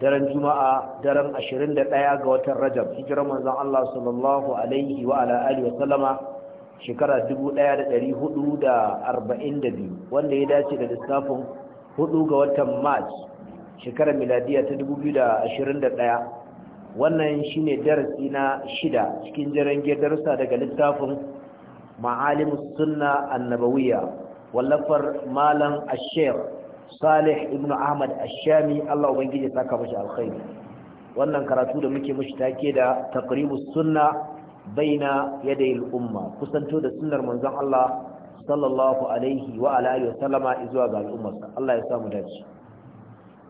daren juma'a daren 21 ga watan rajab hijirar manzon Allah sallallahu alaihi wa ala alihi wa sallama shekara 1442 wanda ya dace da lissafin 4 ga watan Mars shekarar miladiya ta 2021 wannan shine darasi na shida cikin jarange daga littafin ma'alimus sunna annabawiyya wallafar malam ash-sheikh salih ibn ahmad ashami allah ubangiji ya saka mashi alkhairi wannan karatu da muke mashi take da taqribus sunna baina yaday al-umma kusanto da sunnar manzon allah sallallahu alaihi wa ala alihi wasallama zuwa ga al'ummarsa allah ya samu dace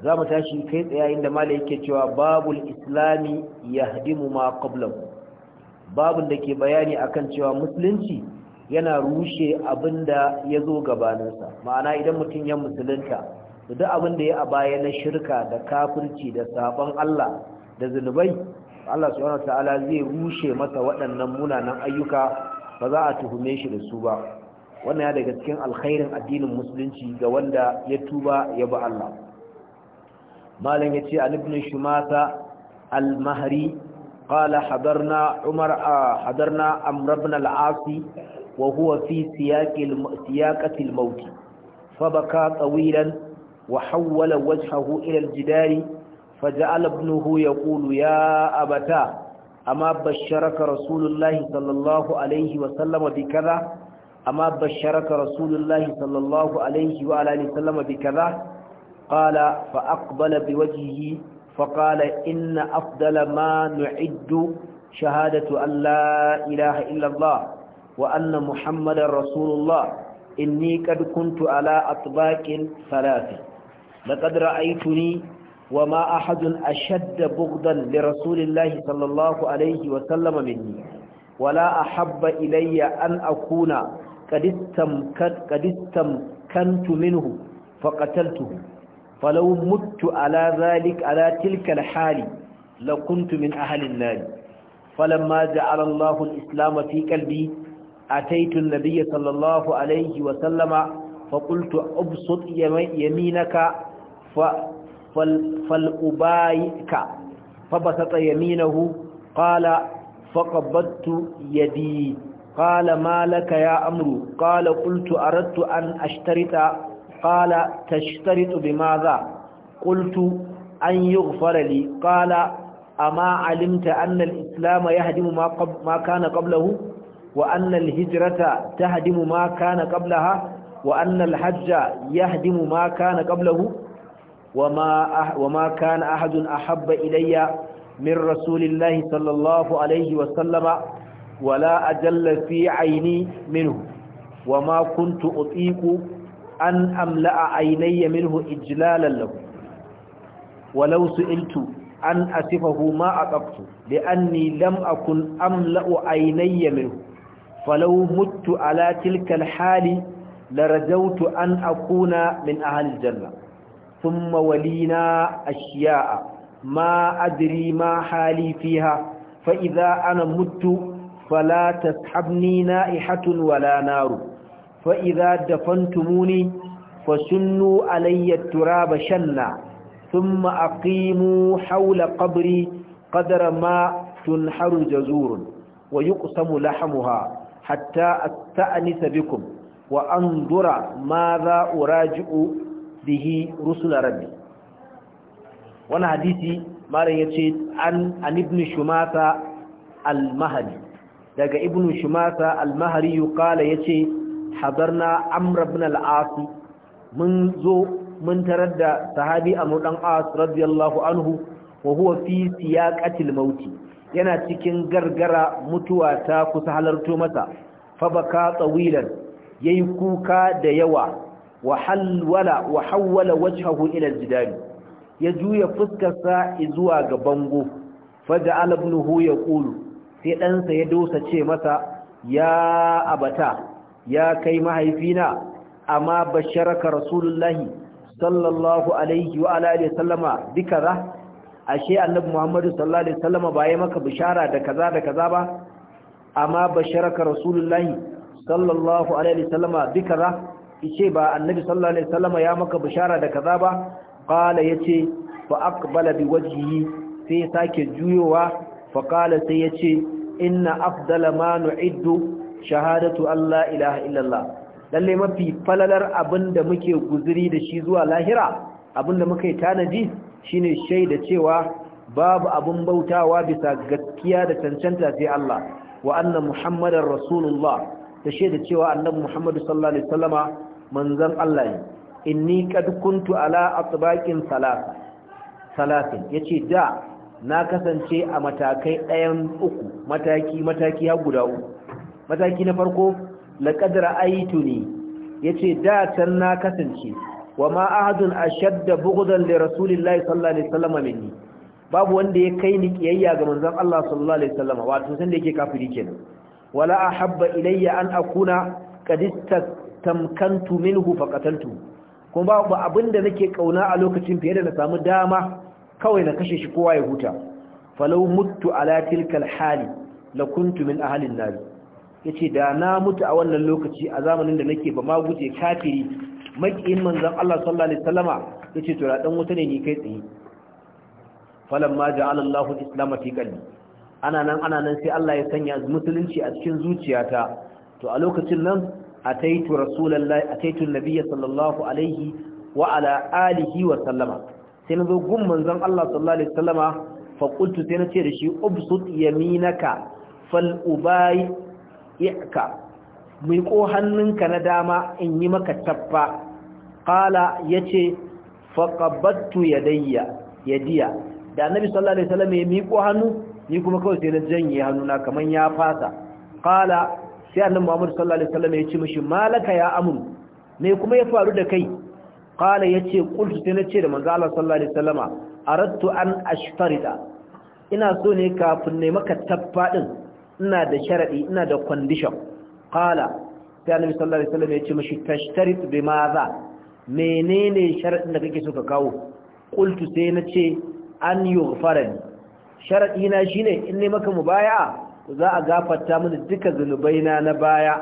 za mu tashi kai tsaye inda malai yake cewa babul islami yahdimu ma qablahu babun da ke bayani akan cewa musulunci yana rushe abin da ya zo gabaninsa ma'ana idan mutum ya musulunta duk abin da ya a baya na shirka da kafirci da sabon Allah da zunubai Allah subhanahu ta'ala zai rushe masa waɗannan munanan ayyuka ba za a tuhume shi da su ba wannan ya daga cikin alkhairin addinin musulunci ga wanda ya tuba ya bi Allah malam ya ce alibnin shumata al-mahri qala hadarna umar hadarna amr وهو في سياق سياقة الموت فبكى طويلا وحول وجهه إلى الجدار فجعل ابنه يقول يا أبتا أما بشرك رسول الله صلى الله عليه وسلم بكذا أما بشرك رسول الله صلى الله عليه وآله وسلم بكذا قال فأقبل بوجهه فقال إن أفضل ما نعد شهادة أن لا إله إلا الله وأن محمد رسول الله إني قد كنت على أطباق ثلاثة لقد رأيتني وما أحد أشد بغضا لرسول الله صلى الله عليه وسلم مني ولا أحب إلي أن أكون قد استمكنت, قد استمكنت منه فقتلته فلو مت على ذلك على تلك الحال لكنت من أهل النار فلما جعل الله الإسلام في قلبي أتيت النبي صلى الله عليه وسلم فقلت أبسط يمينك فلأبايك فبسط يمينه قال فقبضت يدي قال ما لك يا أمر قال قلت أردت أن أشترط قال تشترط بماذا قلت أن يغفر لي قال أما علمت أن الإسلام يهدم ما, قب ما كان قبله wa hijirata hijrata tahdimu ma kana qablaha wa hajja yahdimu ma kana qablahu wa ma wa ma kana ahadun ahabba ilayya min rasulillahi sallallahu alayhi wa sallama wala ajalla fi ayni minhu wa ma kuntu utiqu an amla'a aynayya ولو سئلت أن أصفه ما أطقت لأني لم أكن أملأ عيني منه falau mutu ala tilkal hali larajautu an akuna min ahalil janna thumma walina ashiya'a ma adri ma hali fiha fa idza ana mutu fala tashabni na'ihatun wala naru fa idza dafantumuni fasunnu alayya turaba shanna thumma aqimu hawla qabri qadra ma tunharu jazurun wa yuqsamu lahamuha hatta asta'nisa bikum wa anzura ma za uraji'u bihi rusula rabbi Wani hadisi malam ya ce an ibn shumata al mahari daga ibn shumata al mahari qala yace hadarna amr ibn al-as mun zo mun tarar da sahabi amr asu? as radiyallahu anhu wa huwa fi siyaqatil mauti yana cikin gargara mutuwa ta kusa halarto masa fabaka tsawilan yayi kuka da yawa wa halwala wa wajhahu ila ya juya fuskarsa zuwa ga bango faja'al ya ƙulu. sai ɗansa ya dosa ce masa ya abata ya kai mahaifina amma basharaka rasulullahi sallallahu alaihi wa alihi sallama bikaza ashe annabi muhammadu sallallahu alaihi ba ya maka bishara da kaza da kaza ba amma basharaka rasulullahi sallallahu alaihi wasallama bi kaza yace ba annabi sallallahu alaihi wasallama ya maka bishara da kaza ba qala yace fa aqbala bi wajhihi sai sake juyowa fa qala sai yace inna afdala ma nu'iddu shahadatu alla ilaha illallah lalle mafi falalar abinda muke guzuri da shi zuwa lahira abinda muke tanaji shine shaida cewa babu abun bautawa bisa gaskiya da cancanta sai Allah wa anna muhammadar rasulullah ta shaida cewa annabi muhammadu sallallahu alaihi wasallama manzon Allah ne inni qad kuntu ala atbaqin salasa salasin yace da na kasance a matakai ɗayan uku mataki mataki har guda uku mataki na farko laqad ra'aytuni yace da can na kasance wa ma ahadun ashadda bughdan da rasulillahi sallallahu alaihi wasallam minni babu wanda ya kai ni kiyayya ga manzon Allah sallallahu alaihi wasallam wato san da yake kafiri kenan wala ahabba ilayya an akuna qad istamkantu minhu faqataltu kuma babu abinda nake kauna a lokacin fiye da na samu dama kawai na kashe shi kowa ya huta falau mutu ala tilkal hali la kuntu min ahlin nar yace da na mutu a wannan lokaci a zamanin da nake ba ma guje kafiri makiyin manzan Allah sallallahu alaihi wasallama yace to da dan wuta ne ni kai tsaye falamma ja'ala Allahu al-islam fi qalbi ana nan ana nan sai Allah ya sanya musulunci a cikin zuciyata to a lokacin nan a ataitu rasulullahi ataitu nabiyyi sallallahu alaihi wa ala alihi wa sallama sai na zo gun manzan Allah sallallahu alaihi wasallama fa qultu sai nace da shi ubsut yaminaka fal ubayi miƙo hannunka na dama in yi maka tabba qala yace faqabattu yadayya yadiya da annabi sallallahu alaihi wasallam ya miƙo hannu ni kuma kawai sai na janye hannuna kaman ya fasa qala sai annabi Muhammad sallallahu alaihi wasallam ya ce mishi malaka ya amru me kuma ya faru da kai qala yace qultu sai na ce da manzo Allah sallallahu alaihi wasallama aradtu an ashtarida ina so ne kafin ne maka tabba din ina da sharadi ina da condition qala sai annabi sallallahu alaihi wasallam ya ce mashi tashtarit bi maza menene sharadin da kake so ka kawo qultu sai na ce an yughfarani sharadi na shine in ne maka baya za a gafata mini duka zunubaina na baya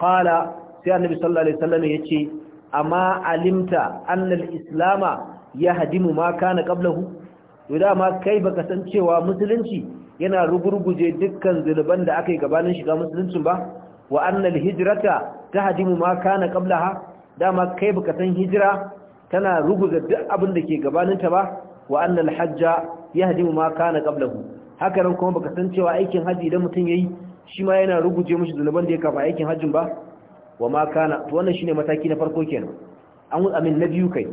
qala sai annabi sallallahu alaihi wasallam ya ce amma alimta annal islama yahdimu ma kana qablahu to ma kai baka san cewa musulunci yana rugurguje dukkan zunuban da aka yi gabanin shiga musuluncin ba wa annal hijrata tahdimu ma kana qablaha dama kai baka san hijira tana ruguza duk abin da ke gabaninta ba wa annal hajja yahdimu ma kana qablahu haka nan kuma baka san cewa aikin haji idan mutun yayi shi ma yana ruguje mishi zuluban da ya kafa aikin hajjin ba wa ma kana to wannan shine mataki na farko kenan an wuce amin na biyu kai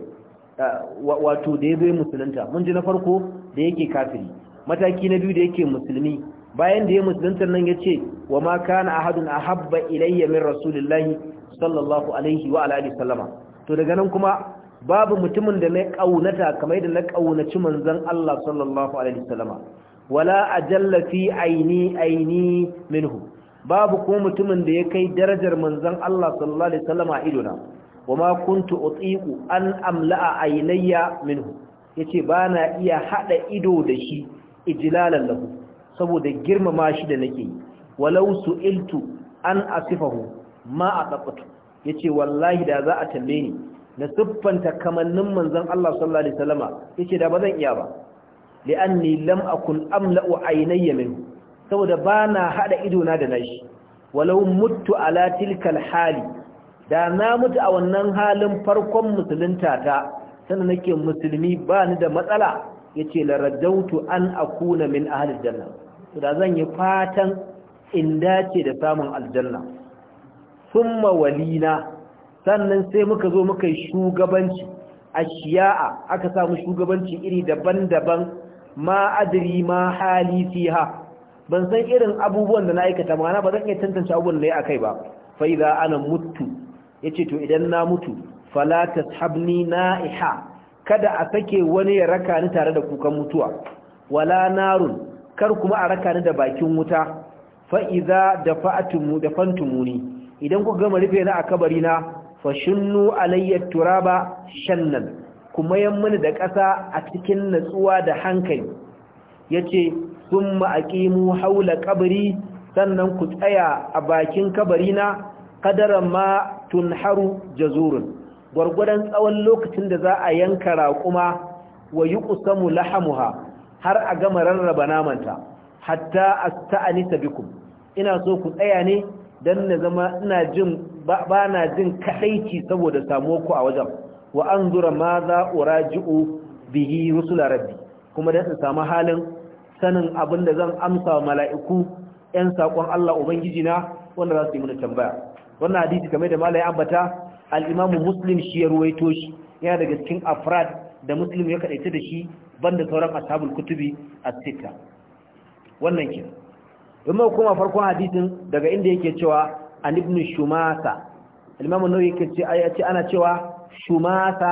wato da yazo musulunta mun ji na farko da yake kafiri mataki na biyu da yake musulmi bayan da ya musulunta nan ya ce wa ma kana ahadun habba ilayya min rasulillahi sallallahu alaihi wa alihi sallama to daga nan kuma babu mutumin da na kaunata kamar da na ƙaunaci manzon Allah sallallahu alaihi sallama wala ajalla fi aini aini minhu babu kuma mutumin da ya kai darajar manzon Allah sallallahu alaihi sallama idona ma kuntu utiqu an amla'a ainayya minhu yace bana iya hada ido da shi ijlalan lahu saboda girmama shi da nake walau su'iltu an asifahu ma a Ya ce, wallahi da za a tambaye ni na siffanta kamannin manzan Allah sallallahu alaihi Ya yace da bazan iya ba li'anni lam akun amla'u aynayya min saboda bana haɗa ido na da nashi walau mutu ala tilkal hali da na mutu a wannan halin farkon musulunta ta sannan nake musulmi bani da matsala yace la radautu an akuna min ahli janna to da zan yi fatan in dace da samun aljanna summa walina sannan sai muka zo muka yi shugabanci a shiya'a aka samu shugabanci iri daban-daban ma adri ma hali fiha ban san irin abubuwan da na aikata mana ba zan iya tantance abubuwan da ya akai ba fa idza ana mutu yace to idan na mutu fala tashabni na'iha kada a sake wani ya raka ni tare da kukan mutuwa wala narun kar kuma a raka ni da bakin wuta Fa'iza idza dafa'tum dafantumuni idan ku gama rufe na a kabari na fashinnu alayya turaba shannan kuma yan mani da ƙasa a cikin natsuwa da hankali yace thumma aqimu haula qabri sannan ku tsaya a bakin kabari na qadaran ma tunharu jazurun gwargwadon tsawon lokacin da za a yanka raƙuma wa yuqsamu lahamuha har a gama rarraba namanta hatta asta'anisa bikum ina so ku tsaya ne dan na zama ina jin ba na jin kadaici saboda samu ku a wajen wa anzura ma za uraji'u bihi rusul rabbi kuma dan in samu halin sanin abin da zan amsa wa mala'iku ‘yan saƙon Allah Ubangiji na wanda za su yi mana tambaya. Wannan hadisi kamar da malaye ambata al'imamu Muslim shi ya ruwaito shi yana daga cikin afrad da muslim ya kadaita da shi banda sauran ashabul kutubi a sita wannan kin kuma kuma farkon hadisin daga inda yake cewa an ibn shumasa al nau'i ce yake ce ana cewa shumasa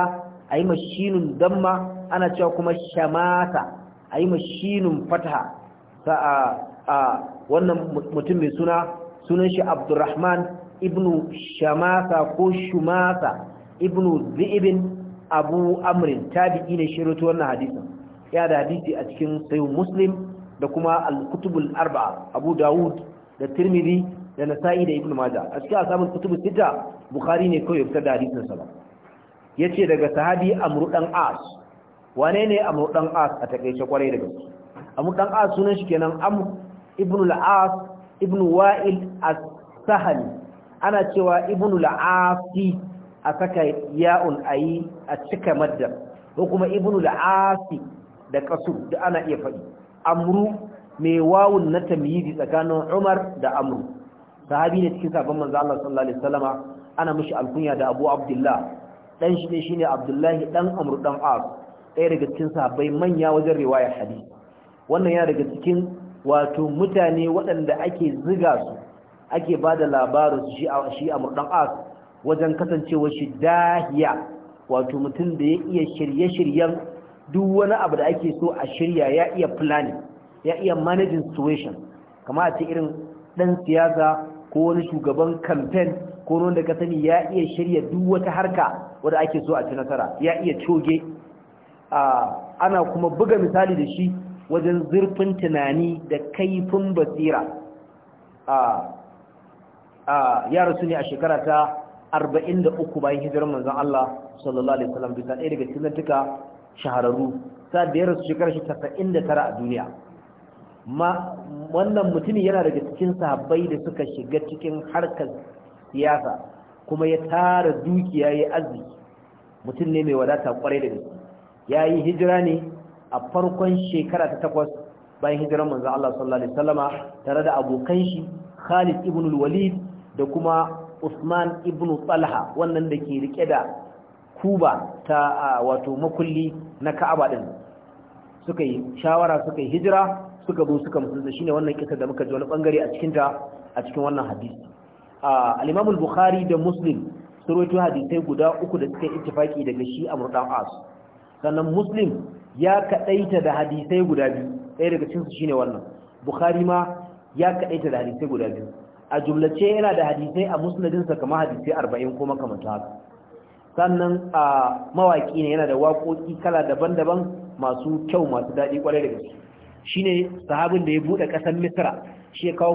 a yi mashinun damma ana cewa kuma shamasa ayi mashinun fatha ta a wannan mutum mai suna sunan shi abdurrahman ibnu shamasa ko shumasa ibnu zi'ibin abu amrin tabi'i ne shi rawaito wannan hadisin ya da hadisi a cikin sahih muslim da kuma al-kutubul arba'a abu dawud da tirmidhi da nasa'i da ibnu majah a cikin asabul kutubus sita bukhari ne kawai fitar da hadisin sa yace daga sahabi amru dan as wane ne amru dan as a takeice kwarai da gaske amru dan as sunan shi kenan amr ibnu al-as ibnu wa'il as-sahli ana cewa ibnu al a saka ya'un ayi a cika madda ko kuma ibnu al-asi da kasur da ana iya faɗi amru mai wawun na tamyizi tsakanin umar da amru sahabi ne cikin sabon manzo Allah sallallahu alaihi wasallama ana mishi alkunya da abu abdullah dan shi ne shine abdullahi dan amru dan as ɗaya daga cikin sahabbai manya wajen riwaya hadisi wannan yana daga cikin wato mutane waɗanda ake ziga su ake ba da labarin shi a murɗan as wajen kasancewa shi dahiya wato mutum da ya iya shirye-shiryen duk wani abu da ake so a shirya ya iya planning ya iya managing situation kama a ce irin ɗan siyasa ko wani shugaban campaign ko wanda ka sani ya iya shirya duk wata harka wadda ake so a ci nasara ya iya coge ana kuma buga misali da shi wajen zurfin tunani da kaifin basira ya rasu ne a shekara ta arba'in da uku bayan hijirar manzon Allah sallallahu alaihi wasallam bisa ɗaya daga cikin tuka shahararru sa da ya rasu shekarar shi tasa'in da tara a duniya ma wannan mutumin yana daga cikin sahabbai da suka shiga cikin harkar siyasa kuma ya tara dukiya ya yi arziki mutum ne mai wadata kwarai da gaske ya yi hijira ne a farkon shekara ta takwas bayan hijirar manzon Allah sallallahu alaihi wasallama tare da abokan shi Khalid ibn al-Walid da kuma Usman ibn Talha wannan da ke rike da Kuba ta wato makulli na Ka'aba din suka yi shawara suka yi hijira suka zo suka musulunta shine wannan kisa da muka ji wani bangare a cikin ta a cikin wannan hadisi al-Imam al-Bukhari da Muslim surwaito hadisai guda uku da suka ittifaki daga shi a murdan as sannan Muslim ya kadaita da hadisai guda biyu ɗaya daga cikin su shine wannan Bukhari ma ya kadaita da hadisai guda biyu a jumlace yana da hadisai a musnadinsa kamar hadisai arba'in ko makamanta haka sannan a mawaƙi ne yana da waƙoƙi kala daban-daban masu kyau masu daɗi ƙwarai da gaske shi ne sahabin da ya buɗe ƙasar misira shi ya kawo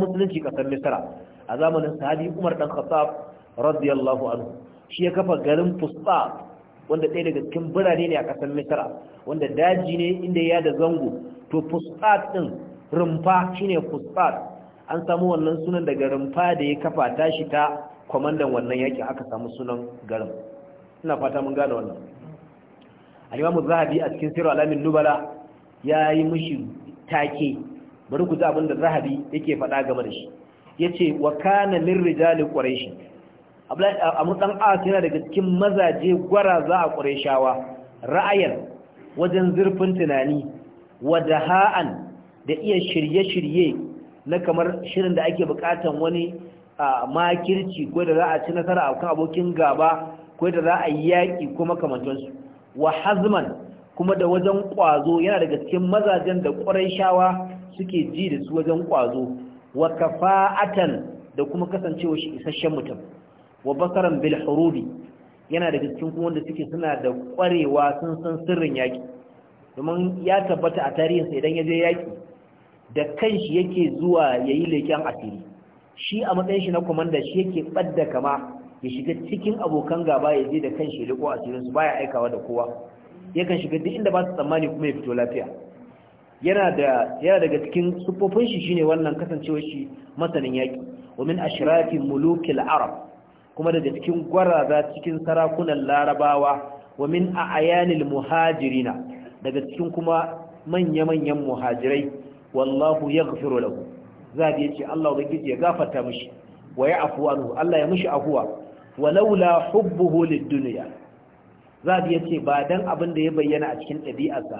musulunci ƙasar misira a zamanin sahabi umar ɗan khattab radiyallahu anhu shi ya kafa garin fusta wanda ɗaya daga cikin birane ne a ƙasar misira wanda daji ne inda ya da zango to fustat ɗin rumfa shine fustat an samu wannan sunan daga rumfa da ya kafa tashi ta kwamandan wannan yakin aka samu sunan garin ina fata mun gane wannan alimamu zahabi a cikin sirru alamin nubala ya yi mushi take bari ku ji abin da zahabi yake faɗa game da shi yace wa kana min rijali quraish a mutan as yana daga cikin mazaje gwara za a qurayshawa ra'ayan wajen zurfin tunani wa da iya shirye-shirye na kamar shirin da ake bukatan wani makirci ko da za a ci nasara akan abokin gaba ko da za a yi yaƙi ko makamantansu wa hazman kuma da wajen ƙwazo yana daga cikin mazajen da shawa suke ji da su wajen ƙwazo wa kafa'atan da kuma kasancewa shi isasshen mutum wa basaran bil hurubi yana daga cikin kuma wanda suke suna da ƙwarewa sun san sirrin yaƙi domin ya tabbata a tarihinsa idan ya je yaƙi da shi yake zuwa ya yi leken asiri shi a matsayin shi na komanda shi yake ɓadda kama ya shiga cikin abokan gaba ya je da kanshi ya leƙo asirin su ya aikawa da kowa ya kan shiga duk inda ba su tsammani kuma ya fito lafiya yana da yana daga cikin sufofin shi shine wannan kasancewar shi masanin yaki wa min ashrati mulukil arab kuma daga cikin gwaraza cikin sarakunan larabawa wa min a'yanil muhajirina daga cikin kuma manya-manyan muhajirai wallahu yaghfiru lahu zabi ce Allah ubangiji ya gafarta mishi wa ya'fu nuhu? Allah ya mishi afuwa walaula hubbuhu lid-dunya zabi ce ba dan abin da ya bayyana a cikin ɗabi'arsa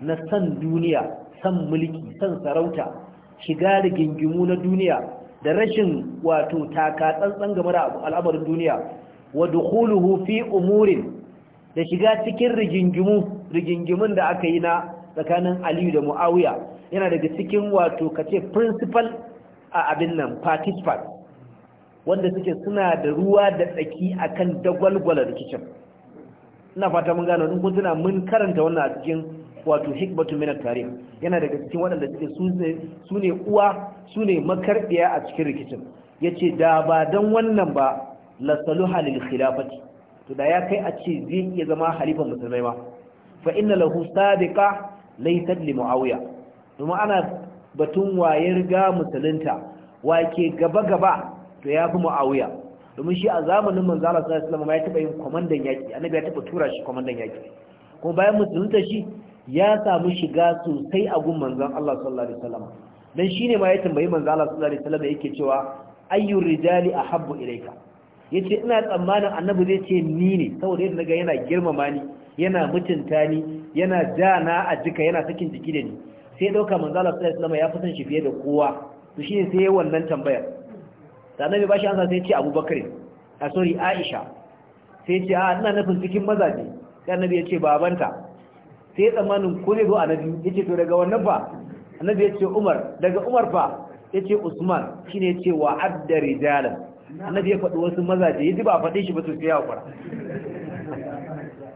na san duniya san mulki san sarauta shiga rigingimu na duniya da rashin wato taka tsantsan game da al'amarin duniya wa dukhuluhu fi umurin da shiga cikin rigingimu rigingimun da aka yi na tsakanin Aliyu da Muawiya yana daga cikin wato kace principal a abin nan participant wanda suke suna da ruwa da tsaki akan dagwalgwala rikicin ina fata mun gano kun mun karanta wannan a cikin wato hikmatu minat tare. yana daga cikin waɗanda suke su ne uwa su ne makarbiya a cikin rikicin yace da ba dan wannan ba la saluha lil khilafati to da ya kai a ce zai iya zama halifan musulmai ba fa inna lahu sadiqa laysa li muawiya domin ana batun wayar ga musulunta wa ke gaba-gaba to ya fi mu'awiya domin shi a zamanin manzala sun ma ya taba yin kwamandan yaki annabi ya taba tura shi kwamandan yaƙi. kuma bayan musulunta shi ya samu shiga sosai a gun Manzan Allah sallallahu alaihi wasallam dan shine ma ya tambayi manzala sallallahu alaihi wasallam yake cewa ayyur rijali ahabbu ilayka yace ina tsammanin annabi zai ce ni ne saboda yadda naga yana girmama ni yana mutunta ni yana jana a jika yana sakin jiki da ni sai dauka Allah sallallahu alaihi wasallam ya fi shi fiye da kowa to shine sai wannan tambayar da annabi bashi ansa sai ce abubakar a ah, sori aisha sai ce a ah, ina nufin cikin mazaje sai annabi ya ce babanta sai ya tsammanin ko ne zo annabi ya ce to daga wannan fa annabi ya ce umar daga umar fa ya ce usman shine ya ce wa adda rijalan annabi ya faɗi wasu mazaje ya ji ba a shi ba sai ya kwara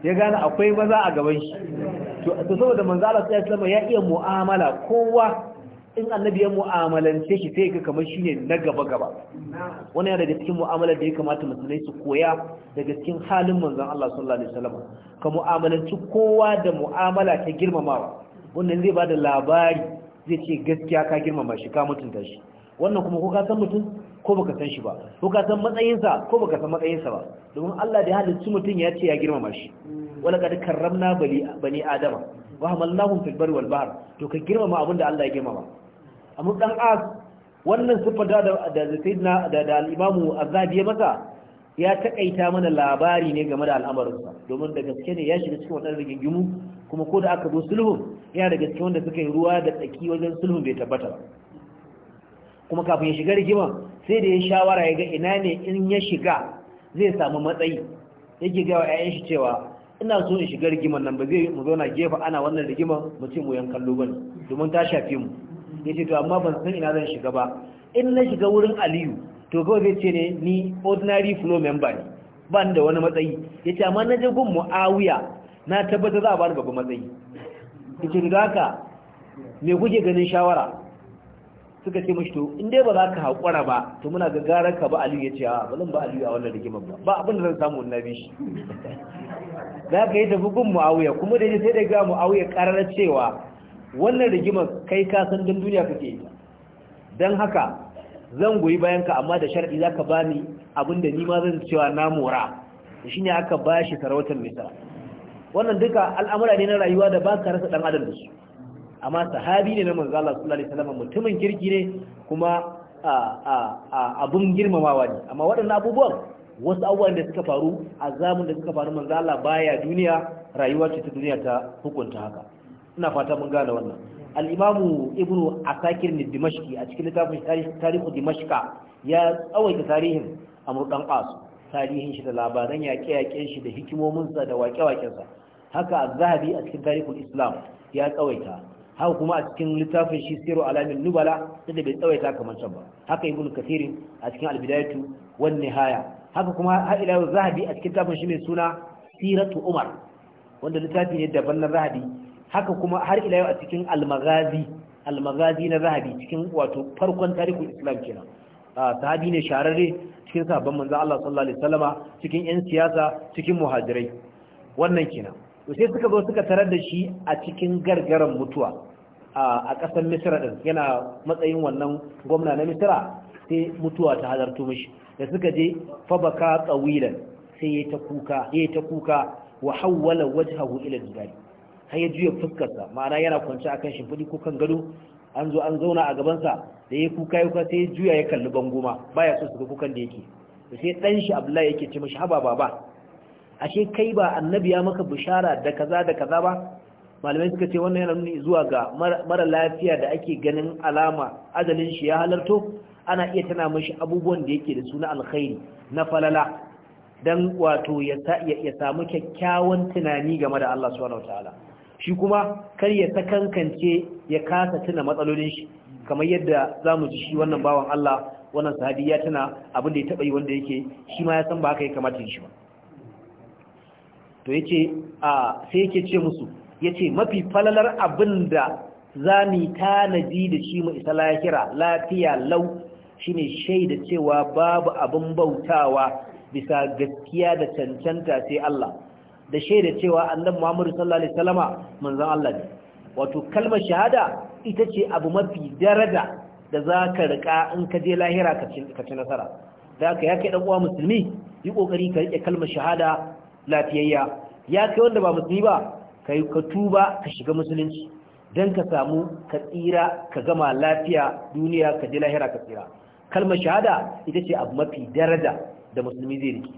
ya gane akwai maza a gaban shi to saboda manzo Allah sallallahu ya iya mu'amala kowa in annabi ya mu'amalance shi sai ga kamar shine na gaba gaba wannan yana daga cikin mu'amalar da ya kamata musulmai su koya daga cikin halin manzon Allah sallallahu alaihi wasallam ka mu'amalanci kowa da mu'amala ta girmamawa wannan zai bada labari zai ce gaskiya ka girmama shi ka mutunta shi wannan kuma ko ka san mutum ko baka san shi ba ko ka san matsayinsa ko baka san matsayinsa ba domin Allah da ya halarci mutum ya ce ya girmama shi wala kad karramna bani adama wa hamalnahum fil barri wal bahr to ka girmama abin da Allah ya girmama amma dan as wannan sifata da da sayyidina da da al-imamu ya masa ya takaita mana labari ne game da al'amarinsa domin da gaske ne ya shiga cikin wannan rigingimu kuma ko da aka zo sulhun yana da gaske wanda suka yi ruwa da tsaki wajen sulhun bai tabbata ba kuma kafin ya shiga rigima sai da ya shawara ya ga ina ne in ya shiga zai samu matsayi yake ga wa yayan shi cewa ina so in shiga rigimar nan ba zai mu zauna gefa ana wannan rigimar mu ce mu yan kallo bane domin ta shafi mu ce to amma ban san ina zan shiga ba in na shiga wurin Aliyu to kawai zai ce ne ni ordinary flow member ne ban da wani matsayi Ya ce amma na je gun Muawiya na tabbata za a bani babban matsayi yace da haka me kuke ganin shawara suka ce mashi to in dai ba za ka haƙura ba to muna gagara ka ba aliyu ya ce a ba zan ba aliyu a wannan rigimar ba ba abin zan samu na bi shi za ka yi tafi gun mu'awuyar kuma da sai da ga mu'awuyar karar cewa wannan rigimar kai ka san don duniya kake yi don haka zan goyi bayan ka amma da sharadi zaka bani abin da ni ma zan cewa na mora da shi ne aka ba shi sarautar misa wannan duka al'amura ne na rayuwa da ba ka rasa dan adam da su amma sahabi ne na manzo Allah sallallahu alaihi wasallam mutumin kirki ne kuma abun girmamawa ne amma waɗannan abubuwan wasu abubuwan da suka faru azamun da suka faru manzo Allah baya duniya rayuwa ce ta duniya ta hukunta haka ina fata mun gane wannan al-imamu ibnu asakir ne dimashqi a cikin littafin tarihi dimashqa ya tsawaita tarihin amru dan qas tarihin shi da labaran yaƙe-yaƙen shi da hikimominsa da waƙe-waƙensa haka az-zahabi a cikin tarihul islam ya tsawaita haka kuma a cikin littafin shi siru alamin nubala da bai tsawaita kamar can ba haka ibnu kathirin a cikin albidayatu wan nihaya haka kuma har ila zahabi a cikin littafin shi mai suna siratu umar wanda littafi ne daban na zahabi haka kuma har ila yau a cikin almagazi almagazi na zahabi cikin wato farkon tarihin islam kenan sahabi ne shararre cikin sahabban manzo Allah sallallahu alaihi wasallama cikin yan siyasa cikin muhajirai wannan kenan to sai suka zo suka tarar da shi a cikin gargaran mutuwa a ƙasar misira ɗin yana matsayin wannan gwamna na misira sai mutuwa ta halartu mashi da suka je fabaka tsawilan sai ya ta kuka ya ta kuka wa hawwala ila jibali har ya juya fuskarsa ma'ana yana kwance akan shimfidi ko kan gado an zo an zauna a gabansa da ya kuka ya kuka sai ya juya ya kalli bango ma baya so su ga kukan da yake da sai ɗan shi abdullahi yake ce mashi haba ba. ashe kai ba annabi ya maka bishara da kaza da kaza ba malamai suka ce wannan yana nuni zuwa ga mara lafiya da ake ganin alama azalin shi ya halarto ana iya tana mashi abubuwan da yake da suna alkhairi na falala dan wato ya samu kyakkyawan tunani game da Allah subhanahu wataala shi kuma kar ya sakankance ya kasa tuna matsalolin shi kamar yadda zamu ji shi wannan bawan Allah wannan sahabi ya tuna abin da ya taba yi wanda yake shi ma ya san ba haka ya kamata shi ba to yace a sai yake ce musu Ya ce mafi falalar abin da za mu tanaji da shi mu isa lahira lafiya lau shine shaida cewa babu abin bautawa bisa gaskiya da cancanta sai Allah da shaida cewa annabi Muhammadu sallallahu alaihi wasallama manzon Allah ne wato kalmar shahada ita ce abu mafi daraja da za ka rika in ka je lahira ka ci nasara da haka ya kai dan uwa musulmi yi kokari ka rike kalmar shahada lafiyayya ya kai wanda ba musulmi ba kai ka tuba ka shiga musulunci don ka samu ka tsira ka gama lafiya duniya ka ji lahira ka tsira kalmar shahada ita ce abu mafi daraja da musulmi zai riki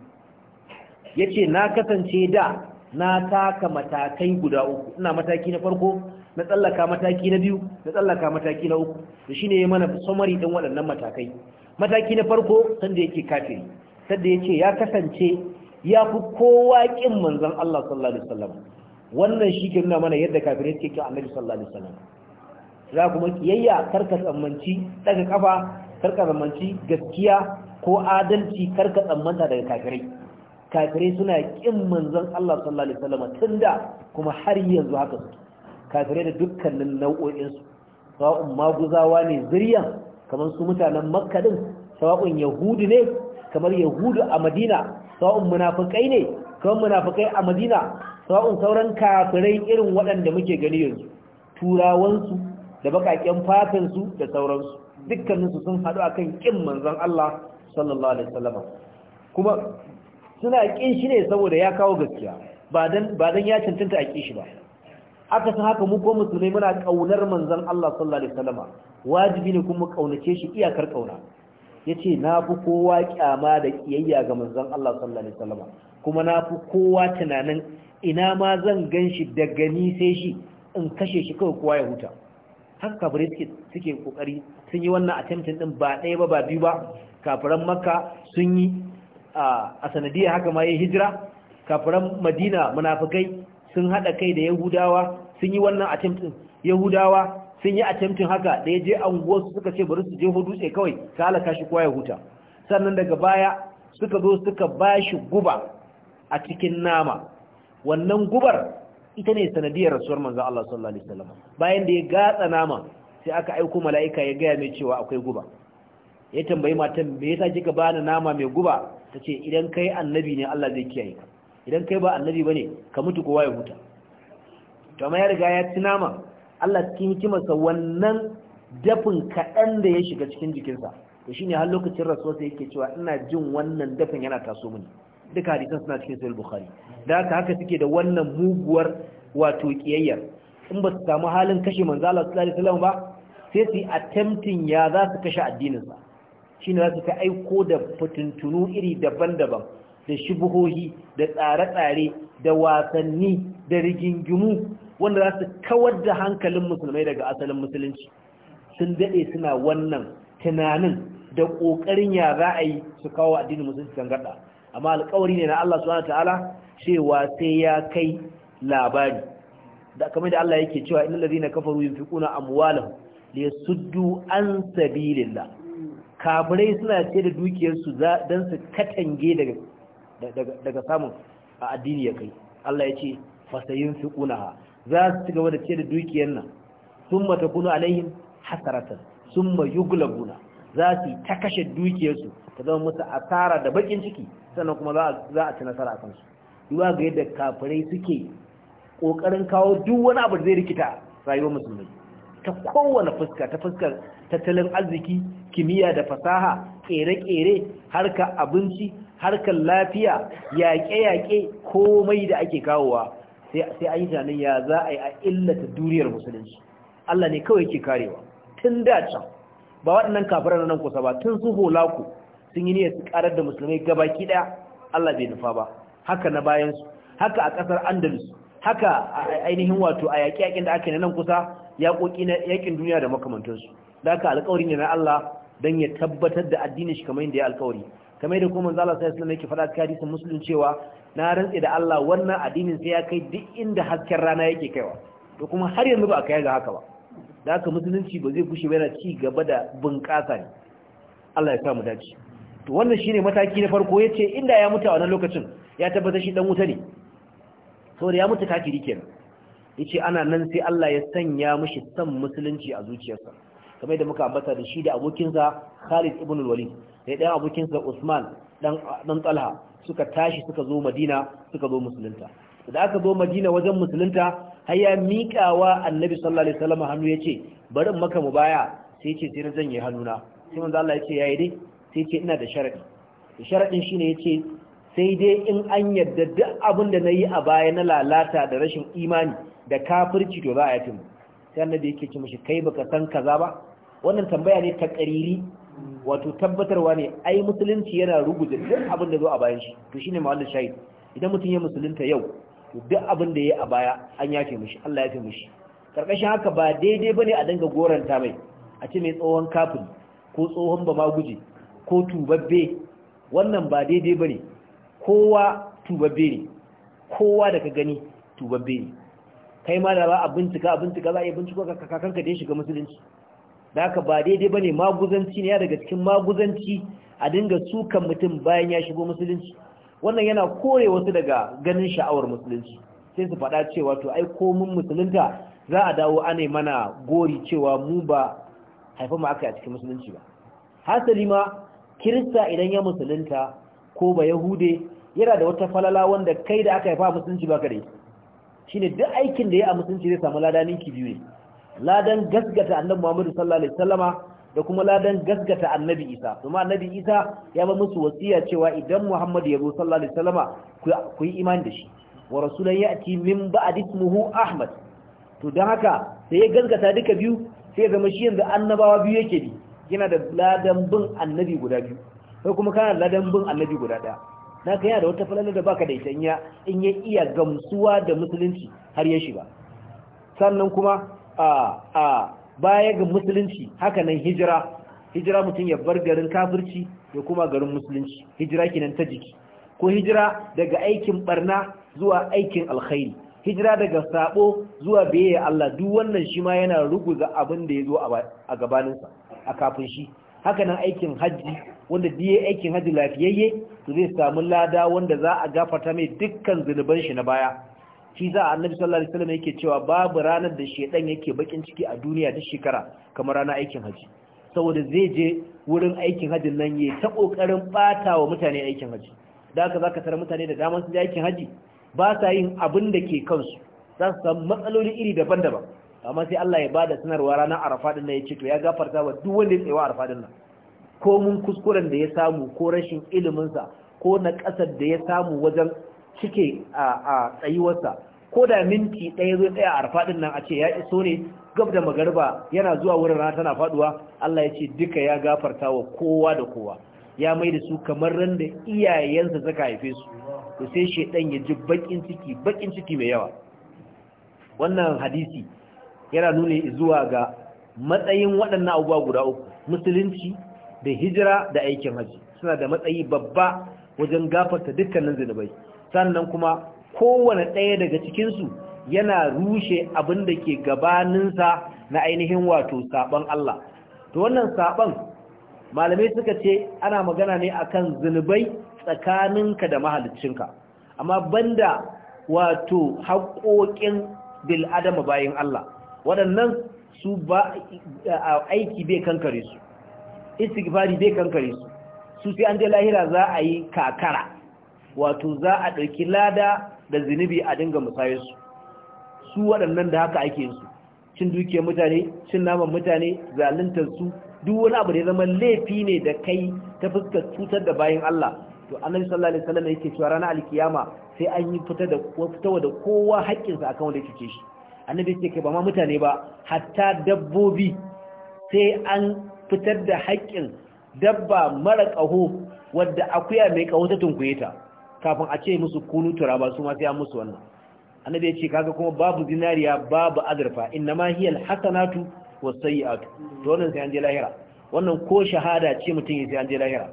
ya ce na kasance da na taka matakai guda uku ina mataki na farko na tsallaka mataki na biyu na tsallaka mataki na uku da shi ne mana samari ɗin waɗannan matakai mataki na farko sanda yake kafiri sanda ya ce ya kasance ya fi kowa ƙin manzan Allah sallallahu Alaihi wasallam wannan shi ke nuna mana yadda kafirai suke kin annabi sallallahu alaihi wasallam za kuma kiyayya karka tsammanci daga kafa karka tsammanci gaskiya ko adalci karka tsammanta daga kafirai kafirai suna kin manzon Allah sallallahu alaihi wasallam tunda kuma har yanzu haka su kafirai da dukkanin nau'o'in su sawa'un maguzawa ne zuriyan kamar su mutanen makka din sawa'un yahudi ne kamar yahudu a madina sawa'un munafikai ne kamar munafikai a madina sawa'un sauran kafirai irin waɗanda muke gani yanzu turawansu da baƙaƙen fatansu da sauransu dukkaninsu sun haɗu a kan ƙin manzan Allah sallallahu alaihi kuma suna ƙin shi ne saboda ya kawo gaskiya ba don ya cancanta a ƙi shi ba aka san haka mu ko musulmai muna ƙaunar manzan Allah sallallahu alaihi wajibi ne kuma ƙaunace shi iyakar ƙauna yace na fi kowa kyama da kiyayya ga manzon Allah sallallahu alaihi wasallam kuma na fi kowa tunanin ina ma zan ganshi da ni sai shi in kashe shi kawai kowa ya huta haka kafirai suke suke kokari sun yi wannan attempt din ba ɗaya ba ba biyu ba kafiran makka sun yi a sanadiyar haka ma ya hijira kafiran madina munafikai sun hada kai da yahudawa sun yi wannan attempt din yahudawa sun yi attempting haka da ya je anguwar su suka ce bari su je dutse kawai ta halaka shi kowa ya huta sannan daga baya suka zo suka ba shi guba a cikin nama wannan gubar ita ne sanadiyar rasuwar manzo Allah sallallahu alaihi wasallam bayan da ya gatsa nama sai aka aika mala'ika ya gaya mai cewa akwai guba ya tambayi matan me yasa kika ba ni nama mai guba tace idan kai annabi ne Allah zai kiyaye ka idan kai ba annabi bane ka mutu kowa ya huta to amma ya riga ya ci nama Allah cikin hikimarsa wannan dafin kaɗan da ya shiga cikin jikinsa to shine har lokacin rasuwarsa yake cewa ina jin wannan dafin yana taso mini duka hadisan suna cikin sahih bukhari da haka haka suke da wannan muguwar wato kiyayyar in ba su samu halin kashe manzo Allah sallallahu alaihi ba sai su attempting ya za su kashe addinin sa shine za su ta aiko da fitintunu iri daban-daban da shubuhohi da tsare-tsare da wasanni da rigingimu wanda za su kawar da hankalin musulmai daga asalin musulunci sun daɗe suna wannan tunanin da ƙoƙarin ya ra'ayi su kawo addinin musulunci gaɗa. amma alƙawari ne na Allah subhanahu ta'ala cewa sai ya kai labari da kamar da Allah yake cewa innal ladhina kafaru yunfiquna amwalahum liyasuddu an sabilillah kafirai suna ce da dukiyarsu don su katange daga samun a addini ya kai Allah ya ce fasayin fi ha. za su ci gaba da ce da dukiyar nan sun mata kuna alaihim hasaratan sun ma guna za su ta kashe dukiyarsu ta zama musu asara da bakin ciki sannan kuma za a ci nasara a kansu duwa ga yadda kafirai suke ƙoƙarin kawo duk wani abu da zai rikita rayuwar musulmai ta kowane fuska ta fuskar tattalin arziki kimiyya da fasaha Kere-kere, harka abinci harkar lafiya yaƙe-yaƙe komai da ake kawowa sai an yi tunanin ya za a yi a illata duniyar musulunci Allah ne kawai yake karewa tun da can ba waɗannan kafiran nan kusa ba tun su holaku sun yi niyyar su karar da musulmai gabaki daya Allah bai nufa ba haka na bayansu, su haka a ƙasar Andalus haka a ainihin wato a yaƙi-yaƙin da ake nan kusa yaƙoƙi na yaƙin duniya da makamantansu da haka alƙawari ne na Allah don ya tabbatar da addinin shi kamar yadda ya alƙawari kamar da kuma manzo Allah sallallahu alaihi wasallam yake faɗa cikin hadisin muslim cewa na rantsi da Allah wannan addinin sai ya kai duk inda hasken rana yake kaiwa to kuma har yanzu ba a kai ga haka ba da haka musulunci ba zai fushi ba yana ci gaba da bunƙasa ne Allah ya samu dace to wannan shine mataki na farko yace inda ya mutu a wannan lokacin ya tabbata shi dan wuta ne saboda ya mutu kafiri kenan yace ana nan sai Allah ya sanya mishi san musulunci a zuciyarsa kamar yadda muka ambata da shi da abokinsa Khalid ibn al-Walid da ɗan abokinsa Usman dan dan Talha suka tashi suka zo madina suka zo musulunta da aka zo madina wajen musulunta har ya wa annabi sallallahu alaihi wasallam hannu yace bari in maka mubaya sai yace sai na janye hannuna sai manzo Allah yace yayi dai sai yace ina da sharadi da sharadin shine yace sai dai in an yarda duk abin da nayi a baya na lalata da rashin imani da kafirci to za a yi mu sai annabi yake ce mishi kai baka san kaza ba wannan tambaya ne ta kariri wato tabbatarwa ne ai musulunci yana rubuta duk abin da zo a bayan shi to shine ma'anar shahid idan mutum ya musulunta yau to duk abin da yi a baya an yafe mishi Allah ya yafe mishi karkashin haka ba daidai bane a danga goranta mai a ce mai tsohon kafin ko tsohon ba maguje ko tubabbe wannan ba daidai bane kowa tubabbe ne kowa da gani tubabbe ne kai ma da ba a bincika a bincika za a yi binciko kanka da ya shiga musulunci da haka ba daidai ba ne maguzanci ne ya daga cikin maguzanci a dinga sukan mutum bayan ya shigo musulunci wannan yana kore wasu daga ganin sha'awar musulunci sai su faɗa cewa to ai komin musulunta za a dawo ana mana gori cewa mu ba haifar mu aka a cikin musulunci ba hasali ma kirista idan ya musulunta ko ba yahude yana da wata falala wanda kai da aka haifa a musulunci ba ka da ne shine duk aikin da ya a musulunci zai samu ladanin ki biyu ne ladan gaskata annabi Muhammad sallallahu alaihi wasallama da kuma ladan gaskata annabi Isa kuma annabi Isa ya ba musu wasiya cewa idan Muhammad ya zo sallallahu alaihi wasallama ku yi imani da shi wa ya ya'ti min ba'd ismuhu Ahmad to dan haka sai ya gasgata duka biyu sai ya zama shi yanzu annabawa biyu yake bi yana da ladan bin annabi guda biyu sai kuma kana da ladan bin annabi guda daya na kai yana da wata falala da baka da ita in ya iya gamsuwa da musulunci har ya shiga sannan kuma a baya ga musulunci haka nan hijira hijira mutum ya bar garin kafirci ya kuma garin musulunci hijira kenan ta jiki ko hijira daga aikin barna zuwa aikin alkhairi hijira daga sabo zuwa biyayya Allah duk wannan shi ma yana ruguza abin da ya zo a gabaninsa a kafin shi haka nan aikin hajji wanda biye aikin hajji lafiyayye to zai samu lada wanda za a gafarta mai dukkan zunuban shi na baya shi za a annabi sallallahu alaihi wasallam yake cewa babu ranar da shedan yake bakin ciki a duniya duk shekara kamar ranar aikin haji saboda zai je wurin aikin hajin nan yayi ta kokarin bata wa mutane aikin haji da haka zaka tarar mutane da daman su je aikin haji ba sa yin abin da ke kansu za su samu matsaloli iri daban-daban amma sai Allah ya bada sanarwa ranar Arafa din nan yace to ya gafarta wa duk wanda ya tsaya Arafa din nan ko mun kuskuren da ya samu ko rashin ilimin sa ko na kasar da ya samu wajen cike a tsayuwarsa ko da minti ɗaya zo tsaya a arfaɗin nan a ce ya iso ne gab da magarba yana zuwa wurin rana tana faduwa Allah ya ce duka ya gafarta wa kowa da kowa ya mai da su kamar ran da iyayensa suka haife su to sai shedan ya ji bakin ciki bakin ciki mai yawa wannan hadisi yana nuna zuwa ga matsayin waɗannan abubuwa guda uku musulunci da hijira da aikin haji suna da matsayi babba wajen gafarta dukkanin zunubai sannan kuma kowane ɗaya daga cikinsu yana rushe abin da ke gabaninsa na ainihin wato saɓon Allah to wannan saɓon malamai suka ce ana magana ne akan zunubai tsakaninka da mahalicinka amma banda wato haƙoƙin bil'adama bayan Allah waɗannan su ba a aiki bai kankare su istigifari bai kankare su su sai an je lahira za a yi kakara wato za a ɗauki lada da zinubi a dinga musayar su su waɗannan da haka ake su cin dukiyar mutane cin naman mutane zaluntar su duk wani abu da ya zama laifi ne da kai ta fuskar cutar da bayan Allah to annabi sallallahu alaihi wasallam yake cewa ranar alkiyama sai an yi fita da da kowa haƙƙinsa akan wanda yake shi annabi yake kai ba ma mutane ba hatta dabbobi sai an fitar da haƙƙin dabba mara kaho wadda akuya mai ƙaho ta tunkuyeta. kafin a ce musu kunu turaba su ma sai an musu wannan annabi ya ce kaga kuma babu zinariya babu azurfa innama hiya alhasanatu wasayiatu to wannan sai an je lahira wannan ko shahada ce mutum ya sai an je lahira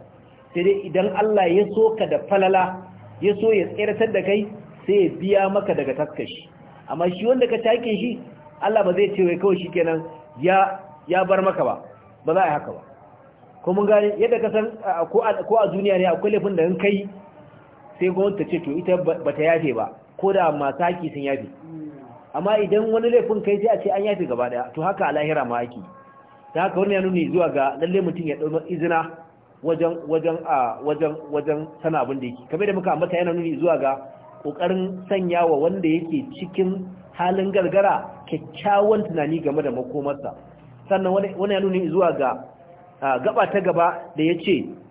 sai dai idan Allah ya so ka da falala ya so ya tsiratar da kai sai ya biya maka daga taskashi amma shi wanda ka take shi Allah ba zai ce wai kawai shikenan ya ya bar maka ba ba za a yi haka ba ko mun yadda ka san ko a duniya ne akwai laifin da in kai sai gwamnati ta ce to ita ba ta yafe ba ko da masu haƙi sun yafe amma idan wani laifin kai sai a ce an yafe gaba daya to haka alahira ma haƙi ta haka wani ya nuni zuwa ga lalle mutum ya ɗaukar izina wajen wajen a wajen wajen sana abin da yake kamar da muka ambata yana nuni zuwa ga ƙoƙarin sanya wa wanda yake cikin halin gargara kyakkyawan tunani game da makomarsa sannan wani ya nuni zuwa ga gaba ta gaba da ya ce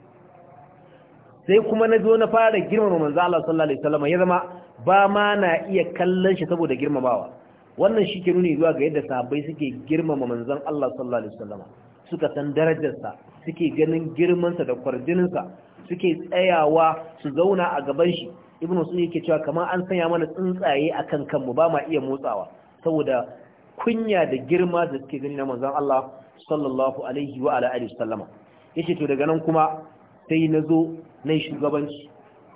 sai kuma na zo na fara girmama manzo Allah sallallahu alaihi wasallam ya zama ba ma na iya kallon shi saboda girmamawa wannan shi ke nuni zuwa ga yadda sahabbai suke girmama manzon Allah sallallahu alaihi wasallam suka san darajarsa suke ganin girmansa da kwardininsa suke tsayawa su zauna a gaban shi ibn sun yake cewa kamar an sanya mana tsuntsaye akan kanmu ba ma iya motsawa saboda kunya da girma da suke gani na manzon Allah sallallahu alaihi wa ala alihi wasallama yace to daga nan kuma sai na zo na shugabanci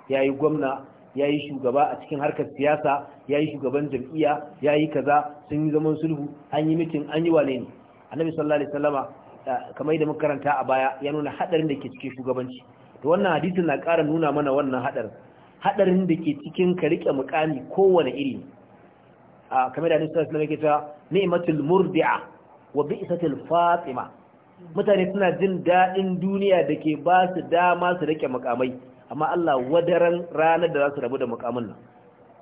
ya yi gwamna ya yi shugaba a cikin harkar siyasa ya yi shugaban jam'iyya ya yi kaza sun yi zaman sulhu an yi mitin an yi wane ne annabi sallallahu alaihi wasallama eh, kamar yadda muka karanta a baya ya nuna hadarin da ke cikin shugabanci to wannan hadisin na ƙara nuna mana wannan hadarin hadarin da ke cikin ka rike mukami kowane iri a ah, kamar da annabi sallallahu alaihi wasallama yake cewa ni'matul murdi'a wa bi'satul fatima mutane suna jin daɗin duniya da ke ba su dama su rike makamai amma Allah wadaran ranar da za su rabu da makamun nan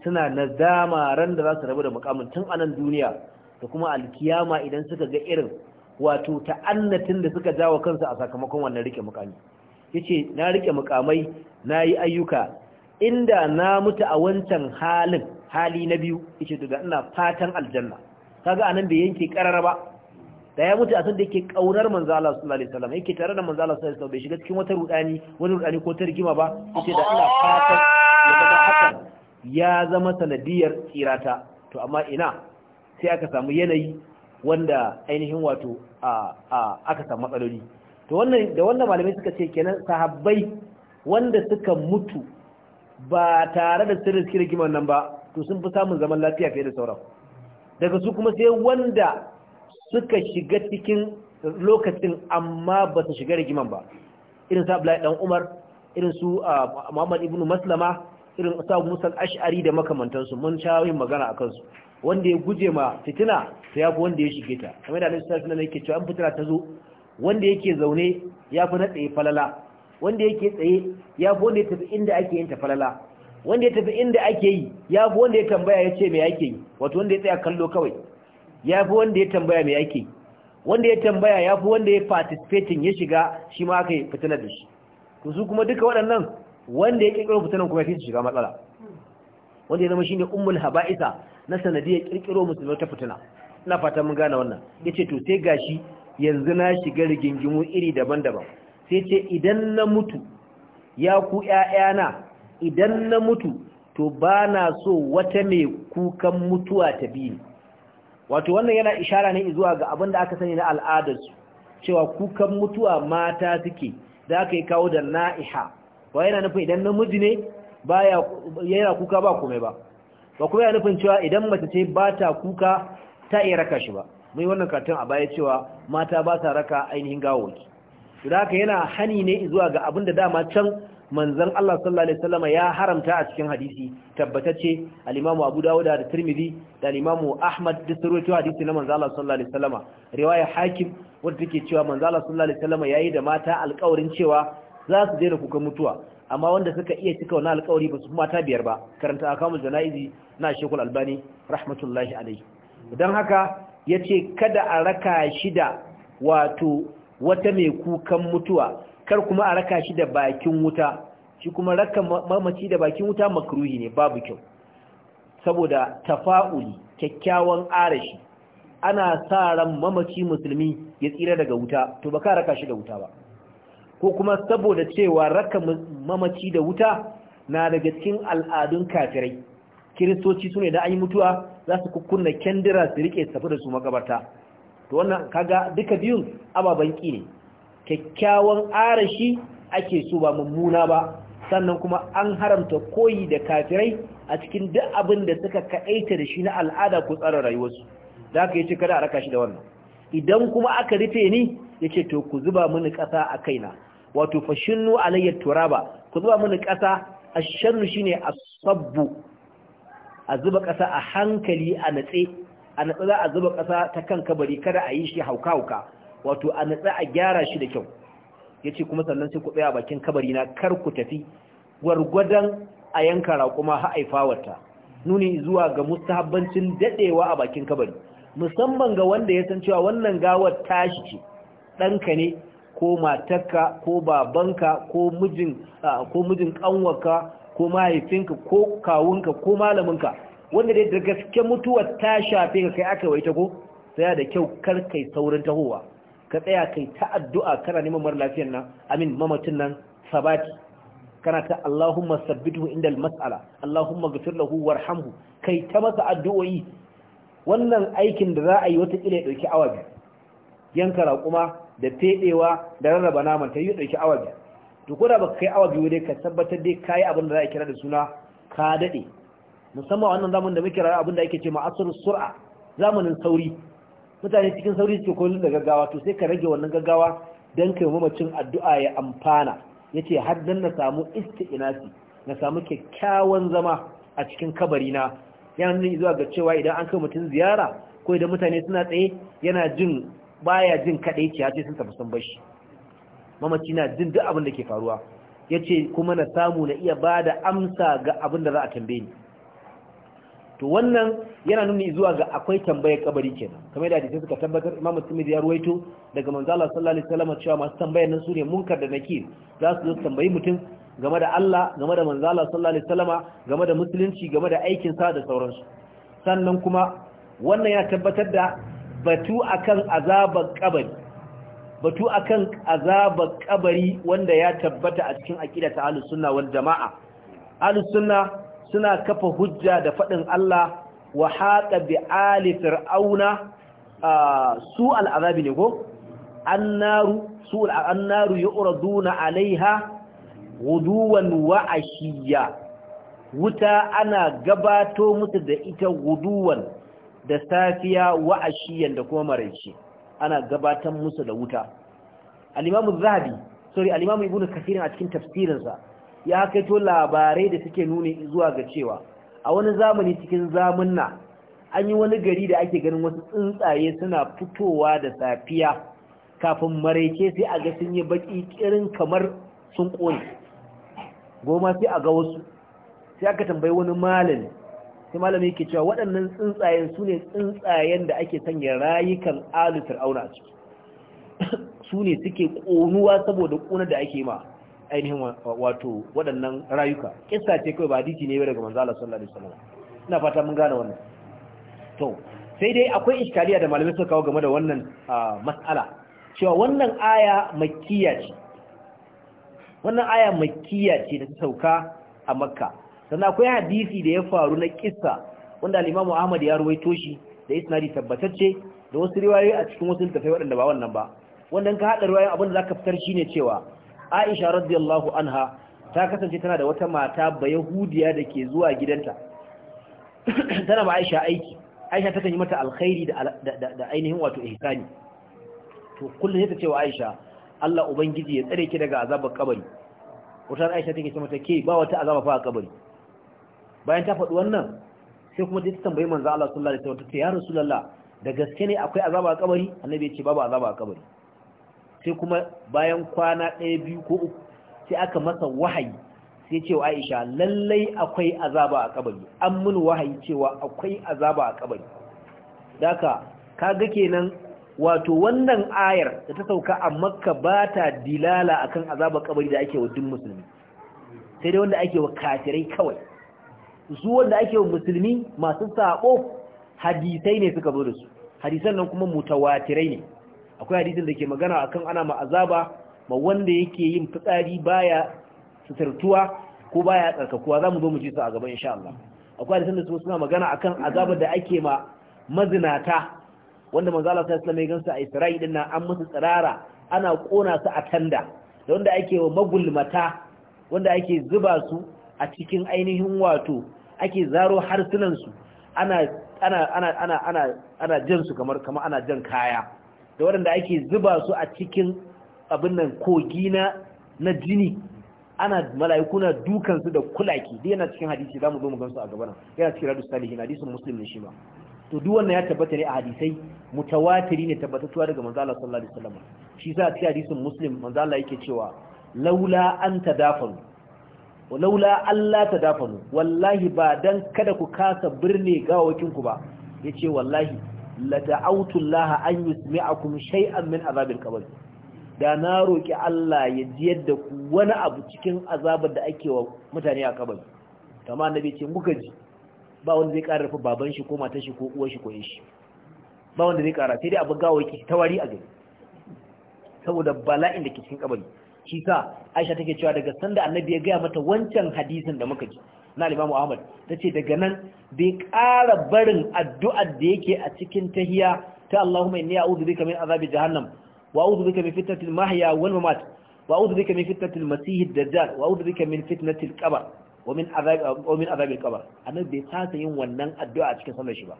suna nadama ran da za su rabu da makamun tun anan duniya da kuma alkiyama idan suka ga irin wato ta'annatin da suka jawo kansu a sakamakon wannan rike makami yace na rike mukamai nayi ayyuka inda na mutu a wancan halin hali na biyu yace to da ina fatan aljanna kaga anan bai yanke karara ba da ya mutu a san da yake kaunar manzo Allah sallallahu alaihi wasallam yake tare da manzo Allah sallallahu alaihi wasallam bai shiga cikin wata rudani wani rudani ko ta rigima ba yace da ina fatan ya zama hakan ya zama sanadiyar tsirata to amma ina sai aka samu yanayi wanda ainihin wato a aka samu matsaloli to wannan da wannan malamai suka ce kenan sahabbai wanda suka mutu ba tare da sirrin rigimar nan ba to sun fi samun zaman lafiya fiye da sauran daga su kuma sai wanda suka shiga cikin lokacin amma ba su shiga rigiman ba irin sa Abdullahi dan Umar irin su ah, Muhammad ibn Maslama irin sa Musa al-Ash'ari da makamantansu mun shawo yin magana akan su wanda ya guje ma fitina to fi wanda ya shige ta kamar da Annabi sallallahu alaihi yake cewa an fitina ta zo wanda yake zaune ya fi na tsaye falala wanda yake tsaye fi wanda ya tafi inda ake yin ta falala wanda ya tafi inda ake yi ya fi wanda ya tambaya ya ce me yake yi wato wanda ya tsaya kallo kawai ya fi wanda ya tambaya mai ake wanda ya tambaya ya fi wanda ya participating ya shiga shi ma aka yi fitinar da shi to su kuma duka waɗannan wanda ya ƙirƙiro fitinar kuma ya fi su shiga matsala wanda ya zama shine ummul haba'isa na sanadiyar ƙirƙiro musulmai ta fitina ina fata mun gane wannan yace to sai gashi yanzu na shiga rigingimu iri daban-daban sai ce idan na mutu ya ku ƴaƴana idan na mutu to ba na so wata mai kukan mutuwa ta bi ni wato wannan yana ishara ne zuwa ga abin da aka sani na al'adarsu cewa kukan mutuwa mata suke da aka yi kawo da na'iha ba yana nufin idan namiji ne yana kuka ba kome ba ba kuma yana nufin cewa idan mace ce ba ta kuka ta iya raka shi ba mai wannan katon a baya cewa mata ba ta raka ainihin gawawaki da haka yana hani ne zuwa ga abin da dama can manzon Allah sallallahu alaihi wasallam ya haramta a cikin hadisi tabbatacce al-Imam Abu Dawud da Tirmidhi da al Ahmad duk hadisi na manzon Allah sallallahu alaihi wasallam riwaya Hakim wanda take cewa manzon Allah sallallahu alaihi wasallam yayi da mata alƙawarin cewa za su daina kukan mutuwa amma wanda suka iya cika wannan alƙawari ba su mata biyar ba karanta akamul janaizi na Sheikhul Albani rahmatullahi alaihi dan haka yace kada a raka shida wato wata mai kukan mutuwa kar kuma a raka shi da bakin wuta shi kuma raka mamaci da bakin wuta makruhi ne babu kyau saboda tafa'uli kyakkyawan arashi ana sa ran mamaci musulmi ya tsira daga wuta to baka raka shi da wuta ba ko kuma saboda cewa raka mamaci da wuta na daga cikin al'adun kafirai kiristoci sune da an mutuwa za su kukkunna kyandira su rike tafi da su makabarta to wannan kaga duka biyun ababen ƙi ne kyakkyawan arashi ake so ba mummuna ba sannan kuma an haramta koyi da kafirai a cikin duk abin da suka kaɗaita da shi na al'ada ko tsara rayuwarsu da aka yi ce kada a raka shi da wannan idan kuma aka rufe ni ya ce to ku zuba mini ƙasa a kaina wato fashinnu alayyar turaba ku zuba mini ƙasa a shannu shine a sabbu a zuba ƙasa a hankali a natse a natse za a zuba ƙasa ta kan kabari kada a yi shi hauka-hauka wato a natsa a gyara shi da kyau ya ce kuma sannan sai ku tsaya bakin kabari na kar ku tafi gwargwadon a yanka raƙuma haifawarta nuni zuwa ga mustahabbancin daɗewa a bakin kabari musamman ga wanda ya san cewa wannan gawar tashi ce ɗanka ne ko matarka ko babanka ko mijin ko kanwarka ko mahaifinka ko kawunka ko malaminka wanda dai da gaske mutuwar ta shafe ka kai aka waita ko sai da kyau kar kai saurin tahowa ka tsaya kai ta addu'a kana neman mara lafiyar nan amin mamacin nan sabati kana ta Allahumma sabbithu inda al-mas'ala Allahumma ghfir lahu warhamhu kai ta masa addu'o'i wannan aikin da za a yi wata kila ya dauki awa biyu yanka raƙuma da fedewa da rarraba naman ta yi dauki awa biyu to ko da baka kai awa biyu dai ka tabbatar dai kai abin da za a kira da suna ka dade musamman wannan zamanin da muke rayuwa abin da ake ce ma asrul sur'a zamanin sauri mutane cikin sauri suke kullum da gaggawa to sai ka rage wannan gaggawa dan kai mamacin addu'a ya amfana yace har dan na samu inasi na samu kyakkyawan zama a cikin kabari na yana nuna zuwa ga cewa idan an kai mutum ziyara ko idan mutane suna tsaye yana jin baya jin kadaici ya ce sun tafi sun bashi mamaci na jin duk abin da ke faruwa yace kuma na samu na iya ba da amsa ga abin da za a tambaye ni to wannan yana nuni zuwa ga akwai tambayar kabari kenan kamar da hadisi suka tabbatar Imam Tirmidhi ya ruwaito daga manzo Allah sallallahu alaihi wasallam cewa masu tambayar nan sune munkar da nakir za su zo tambayi mutum game da Allah game da manzo Allah sallallahu alaihi wasallama game da musulunci game da aikin sa da sauransu sannan kuma wannan ya tabbatar da batu akan azabar kabari batu akan azabar kabari wanda ya tabbata a cikin aqida ta ahlus sunna wal jamaa ahlus sunna suna kafa hujja da faɗin Allah wa haƙa bi ali fir'auna su al'azabi ne ko annaru su al'annaru yu'raduna alaiha guduwan wa ashiya wuta ana gabato musu da ita guduwan da safiya wa ashiyan da kuma maraice ana gabatar musu da wuta al zahabi sorry al-imamu ibnu kathir a cikin tafsirinsa ya kaito labarai da suke nuni zuwa ga cewa a wani zamani cikin zamunna an yi wani gari da ake ganin wasu tsuntsaye suna fitowa da safiya kafin maraice sai a ga sun yi baki kirin kamar sun ƙone goma sai a ga wasu sai aka tambayi wani malami sai malami yake cewa waɗannan tsuntsayen su ne tsuntsayen da ake sanya rayukan alu fir'auna sune su ne suke ƙonuwa saboda ƙunar da ake ma ainihin wato waɗannan rayuka kissa ce kawai ba hadisi ne daga manzo Allah sallallahu alaihi wasallam ina fata mun gane wannan to sai dai akwai iskaliya da malamai suka kawo game da wannan mas'ala cewa wannan aya makkiya ce wannan aya makkiya ce da ta sauka a makka sannan akwai hadisi da ya faru na kissa wanda al-imamu ahmad ya ruwaito shi da isnadi tabbatacce da wasu riwayoyi a cikin wasu littafai waɗanda ba wannan ba wannan ka haɗa riwayoyin abin da zaka fitar shine cewa aisha radiyallahu anha ta kasance tana da wata mata ba yahudiya da ke zuwa gidanta tana ba aisha aiki aisha ta yi mata alkhairi da ainihin wato ihsani to kullum sai ta ce wa aisha Allah ubangiji ya tsare ki daga azabar kabari wata aisha take ce mata ke ba wata azaba fa a kabari bayan ta faɗi wannan sai kuma ta tambayi manzo Allah sallallahu alaihi wasallam ta ce ya rasulullah da gaske ne akwai azaba a kabari annabi ya ce babu azaba a kabari sai kuma bayan kwana ɗaya biyu ko uku sai aka masa wahayi sai cewa aisha lallai akwai azaba a kabari an mun wahayi cewa akwai azaba a kabari daka kaga kenan wato wannan ayar da ta sauka a makka ba ta dilala akan azaba kabari da ake wa duk musulmi sai dai wanda ake wa kafirai kawai su wanda ake wa musulmi masu sabo hadisai ne suka zo da su hadisan nan kuma mutawatirai ne akwai hadisin da ke magana akan ana ma'azaba ma wanda yake yin fitsari baya sutartuwa ko baya tsarkakuwa zamu zo mu ji su a gaba insha Allah akwai hadisin da su suna magana akan azaba da ake ma mazinata wanda manzo Allah sallallahu alaihi wasallam ya a Isra'i din an musu tsirara ana kona su a tanda da wanda ake wa magulmata wanda ake zuba su a cikin ainihin wato ake zaro harsunan su ana ana ana ana ana ana jan su kamar kamar ana jan kaya da waɗanda ake zuba su a cikin abin nan kogi na na jini ana mala'iku na dukan su da kulaki duk yana cikin hadisi zamu zo mu gansu a gaban yana cikin radu salihin hadisin muslim ne shi ma to duk wannan ya tabbata ne a hadisai mutawatiri ne tabbatattuwa daga manzo Allah sallallahu alaihi wasallam shi sa a cikin hadisin muslim manzo Allah yake cewa laula an tadafanu laula Allah tadafanu wallahi ba dan kada ku kasa birne gawakin ku ba yace wallahi la da'awtu Allah an yusmi'akum shay'an min azabil qabr da na roki Allah ya jiyar da ku wani abu cikin azabar da ake wa mutane a kabari kama annabi ce muka ji ba wanda zai ƙara rufe baban shi ko matar shi ko uwar shi ko yin shi ba wanda zai ƙara sai dai abu gawo yake tawari a gari saboda bala'in da ke cikin kabari shi sa Aisha take cewa daga sanda annabi ya gaya mata wancan hadisin da muka ji na limamu ahmad ta ce daga nan bai kara barin addu'ar da yake a cikin tahiya ta Allahumma inni a'udu bika min azabi jahannam wa a'udhu bika min fitnatin mahya wal mamat wa a'udhu bika min fitnatin masihid ad-dajjal wa a'udhu bika min fitnatin qabr wa min azab wa min azabil bai sasa yin wannan addu'a a cikin sallar shi ba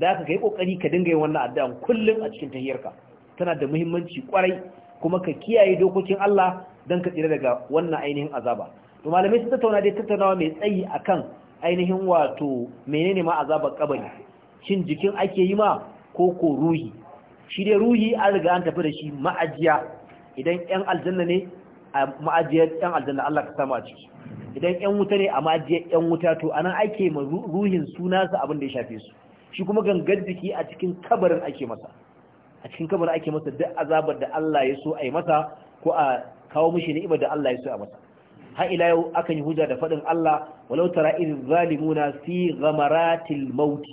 da haka kai kokari ka dinga yin wannan addu'a kullum a cikin tahiyarka tana da muhimmanci kwarai kuma ka kiyaye dokokin Allah don ka tsira daga wannan ainihin azaba to malamai su tattauna dai tattaunawa mai tsayi akan ainihin wato menene ma azabar kabari shin jikin ake yi ma ko ko ruhi shi dai ruhi an riga an tafi da shi ma'ajiya idan yan aljanna ne a ma'ajiyar yan aljanna Allah ka samu a ciki idan yan wuta ne a ma'ajiyar yan wuta to anan ake ma ruhin suna su abin da ya shafe su shi kuma gangar jiki a cikin kabarin ake masa a cikin kabarin ake masa duk azabar da Allah ya so a yi masa ko a kawo mishi ni'imar da Allah ya so a masa har ila yau akan yi hujja da faɗin Allah walau tara iz zalimuna fi ghamaratil maut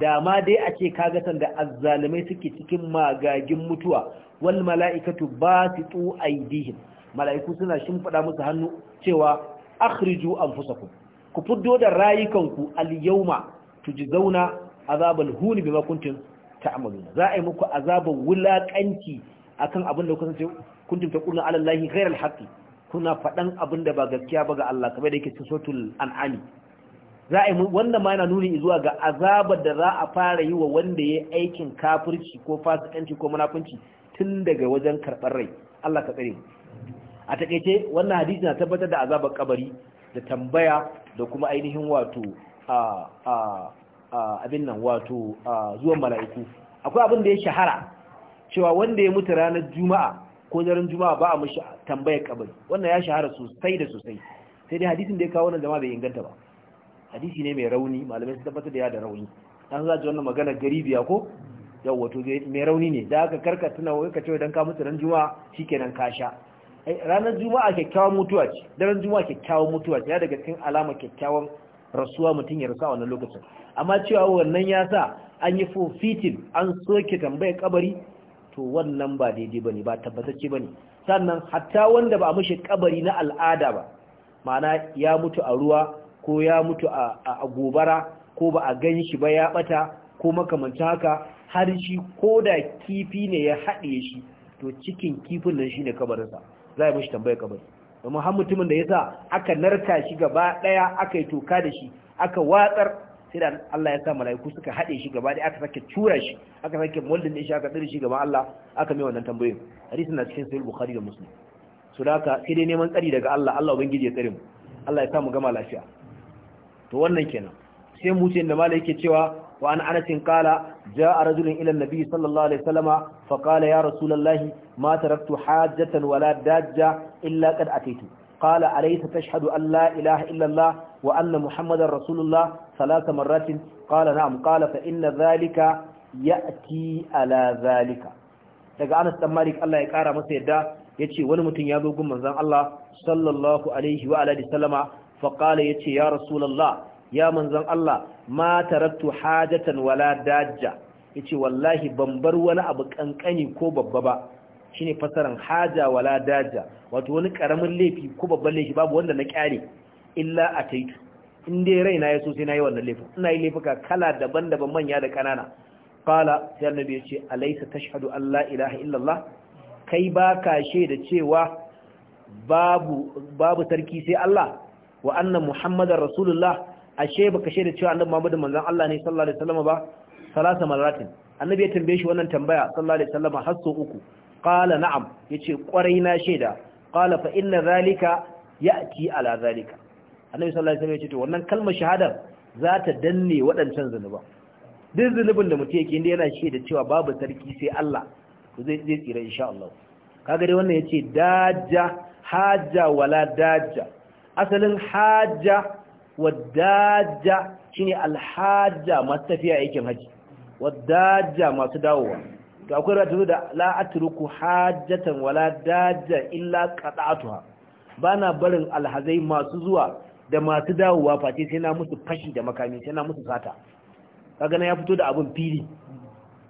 da ma dai a ce kaga sanda azzalimai suke cikin magagin mutuwa wal mala'ikatu basitu aydihim mala'iku suna shimfida musu hannu cewa akhriju anfusakum ku fuddo da rayukanku al yawma tujzauna azabal hun bima kuntum ta'maluna za a yi muku azaban wulakanci akan abin da kuka kuntum taquluna ala allahi ghayra al kuna faɗan abin da ba gaskiya ba ga Allah kamar da yake cikin an'ami za a yi wannan ma yana nuni zuwa ga azabar da za a fara yi wa wanda ya aikin kafirci ko fasikanci ko munafunci tun daga wajen karɓar rai Allah ka tsare a takaice wannan hadisi na tabbatar da azabar kabari da tambaya da kuma ainihin wato a a abin nan wato zuwan mala'iku akwai abin da ya shahara cewa wanda ya mutu ranar juma'a ko daren juma'a ba a mishi tambayar kabari wannan ya shahara sosai da sosai sai dai hadisin da ya kawo wannan zama bai inganta ba hadisi ne mai rauni malamai sun tabbatar da ya da rauni an za ji wannan magana garibiya ko yau wato mai rauni ne da aka karka tuna wai ka ce dan ka mutu ran juma'a shikenan ka sha ranar juma'a kyakkyawan mutuwa ce daren juma'a kyakkyawan mutuwa ce ya daga cikin alama kyakkyawan rasuwa mutum ya rasu a wannan lokacin amma cewa wannan ya sa an yi fitin, an soke tambayar kabari to wannan ba daidai ba ne ba tabbatacce ba ne sannan hatta wanda ba a mashi kabari na al'ada ba ma'ana ya mutu a ruwa ko ya mutu a gobara ko ba a gan shi ba ya bata ko makamanta haka har shi ko da kifi ne ya haɗe shi to cikin kifin nan ne kabarinsa za a mashi tambayar kabari domin har mutumin da ya sa aka narka shi gaba ɗaya aka yi toka da shi aka watsar sai Allah ya sa mala'iku suka haɗe shi gaba ɗaya aka sake tura shi aka sake mullin shi aka tsire shi gaba Allah aka mai wannan tambayoyin hadisin na cikin sahih bukhari da muslim so da haka sai dai neman tsari daga Allah Allah ubangiji ya tsare mu Allah ya sa mu gama lafiya to wannan kenan sai mu ce inda malai yake cewa wa an anas qala jaa rajulun ila an-nabi sallallahu alaihi wasallama fa qala ya rasulullahi ma taraktu hajjatan wala dajja illa qad ataitu قال أليس تشهد أن لا إله إلا الله وأن محمد رسول الله ثلاث مرات قال نعم قال فإن ذلك يأتي على ذلك daga Anas dan Malik Allah ya kara masa yadda yace wani mutum ya zo gun manzon Allah sallallahu alaihi wa alihi sallama fa qala yace ya rasulullah ya manzon Allah ma taraktu hajatan wala dajja yace wallahi ban bar wani abu kankani ko babba ba ne fasaran haja wala daja wato wani karamin laifi ko babban laifi babu wanda na kyale illa ataitu in dai raina yaso sai nayi wannan laifin ina yi laifuka kala daban-daban manya da kanana Fala sai annabi ce alaysa tashhadu an la ilaha illallah kai ba baka shaida cewa babu babu sarki sai Allah wa anna muhammadar rasulullah ashe baka shaida cewa annabi muhammadu manzon Allah ne sallallahu alaihi wasallam ba salasa maratin annabi ya tambaye shi wannan tambaya sallallahu alaihi wasallam har so uku kala na'am yace kwarai na shaida. kala fa inna zalika ya'ti ala zalika annabi sallallahu alaihi wasallam yace to wannan kalmar shahadar za ta danne waɗancan zunuba duk zunubin da mutum yake inda yana sheda cewa babu sarki sai Allah to zai zai tsira insha Allah kaga dai wannan yace dajja haja wala dajja asalin haja wa wadajja shine alhaja masu tafiya aikin haji daja masu dawowa to akwai rata da la atruku hajjatan wala dajja illa Ba bana barin alhazai masu zuwa da masu dawowa face sai na musu fashi da makami sai na musu sata kaga na ya fito da abun fili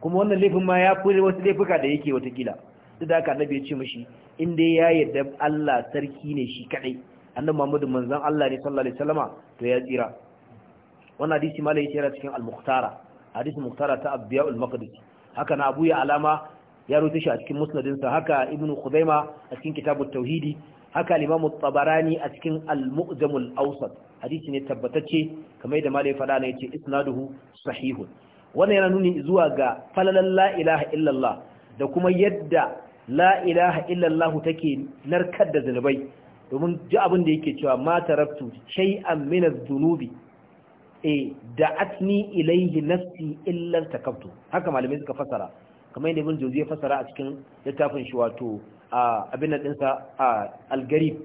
kuma wannan laifin ma ya fi wasu laifuka da yake kila duk da haka annabi ya ce mishi in dai ya yarda Allah sarki ne shi kadai annabi Muhammadu manzon Allah ne sallallahu alaihi wasallama to ya tsira wannan hadisi malai tsira cikin al-mukhtara hadisi mukhtara ta al maqdisi haka na abu ya alama ya rute shi a cikin musnadinsa haka ibn khuzaima a cikin kitabut tauhidi haka limamu tabarani a cikin al al awsat hadisi ne tabbatacce kamar da malai fada ne yace isnaduhu sahihun wannan yana nuni zuwa ga falalan la ilaha illallah da kuma yadda la ilaha illallah take narkar da zunubai domin ji abin da yake cewa ma taraktu shay'an min az dhunubi eh da'atni ilayhi nafsi illa takabtu haka malamai suka fasara kamar yadda ibn jawzi fasara a cikin littafin shi wato abin nan dinsa al-garib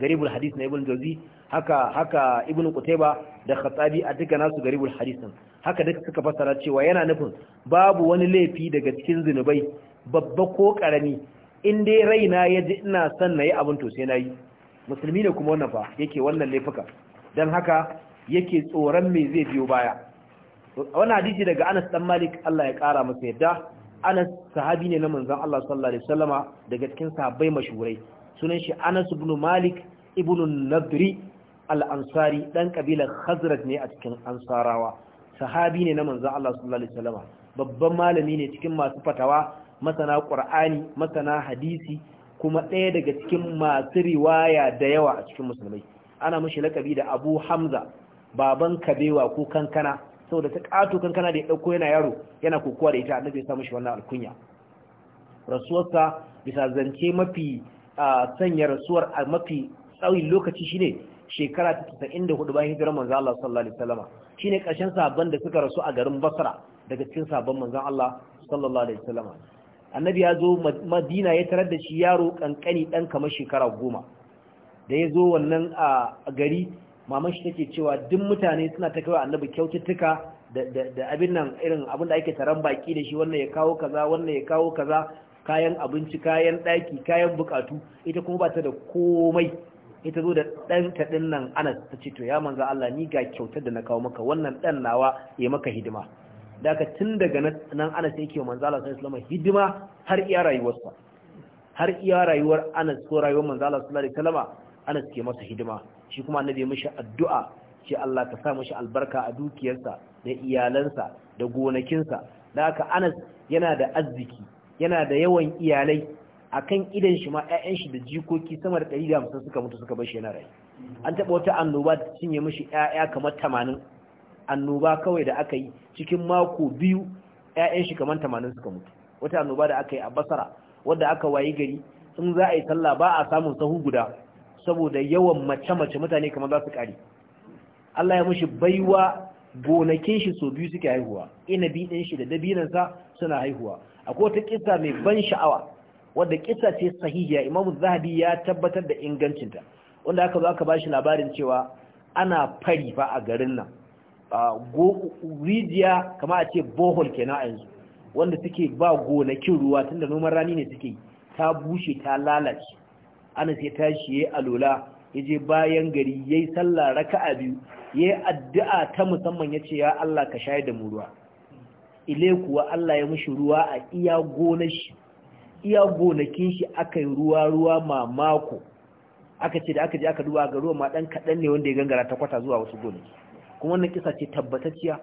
garibul hadith na ibn jawzi haka haka ibn qutayba da khatabi a duka nasu garibul hadith din haka duka suka fasara cewa yana nufin babu wani laifi daga cikin zinubai babba ko karami in dai raina ya ji ina son na yi abin to sai na yi musulmi ne kuma wannan fa yake wannan laifuka don haka yake tsoron me zai biyo baya wani hadisi daga Anas dan Malik Allah ya kara masa yadda Anas sahabi ne na manzon Allah sallallahu alaihi wasallama daga cikin sahabbai mashhurai sunan shi Anas ibn Malik ibn Nadri al-Ansari dan kabilar Khazraj ne a cikin Ansarawa sahabi ne na manzon Allah sallallahu alaihi wasallama babban malami ne cikin masu fatawa masana Qur'ani masana hadisi kuma ɗaya daga cikin masu riwaya da yawa a cikin musulmai ana mashi laƙabi da Abu Hamza baban kabewa ko kankana saboda ta kato kankana da ya ɗauko yana yaro yana kokowa da ita annabi ya samu shi wannan alkunya rasuwarsa bisa zance mafi sanya rasuwar a mafi tsawon lokaci shine shekara ta 94 bayan hijirar manzon Allah sallallahu alaihi wasallam shine ƙarshen sabon da suka rasu a garin Basra daga cikin sabon manzon Allah sallallahu alaihi wasallam annabi ya zo Madina ya tarar da shi yaro kankani dan kamar shekara goma da ya zo wannan a gari maman shi take cewa duk mutane suna ta kawai annabi kyaututtuka da abin nan irin abin da ake taron baki da shi wannan ya kawo kaza wannan ya kawo kaza kayan abinci kayan ɗaki kayan bukatu ita kuma ba ta da komai ita zo da ɗan taɗin nan ana ta ce to ya manzo Allah ni ga kyautar da na kawo maka wannan ɗan nawa ya maka hidima da ka tun daga nan Anas sai wa manzo Allah sai sallama hidima har iya rayuwarsa har iya rayuwar Anas ko rayuwar manzo Allah sallallahu alaihi wasallam Anas ke masa hidima shi kuma annabi mishi addu'a ce Allah ka sa mishi albarka a dukiyarsa da iyalansa da gonakinsa da haka Anas yana da arziki yana da yawan iyalai akan idan shi ma ƴaƴan shi da jikoki sama da 150 suka mutu suka bar shi yana rai an taba wata annoba da cinye mishi ƴaƴa kamar 80 annoba kawai da aka yi cikin mako biyu ƴaƴan shi kamar 80 suka mutu wata annoba da aka yi a Basra wanda aka wayi gari in za a yi sallah ba a samun sahu guda saboda yawan mace-mace mutane kamar za su ƙari Allah ya mushi baiwa gonakin shi so biyu suke haihuwa Ina inabi ɗin shi da dabinansa suna haihuwa akwai wata kisa mai ban sha'awa wadda kisa ce sahihiya imamu zahabi ya tabbatar da ingancinta wanda aka zo aka ba shi labarin cewa ana fari fa a garin nan rijiya kama a ce bohol kenan a yanzu wanda suke ba gonakin ruwa tunda noman rani ne suke ta bushe ta lalace ana sai tashi ya alola ya je bayan gari ya yi sallah raka'a biyu ya yi addu'a ta musamman ya ce ya Allah ka shayar da mu ruwa ile kuwa Allah ya mushi ruwa a iya gonashi iya gonakin shi aka ruwa ruwa mamako aka ce da aka je aka duba ga ruwa ma dan kaɗan ne wanda ya gangara ta kwata zuwa wasu gonaki kuma wannan kisa ce tabbatacciya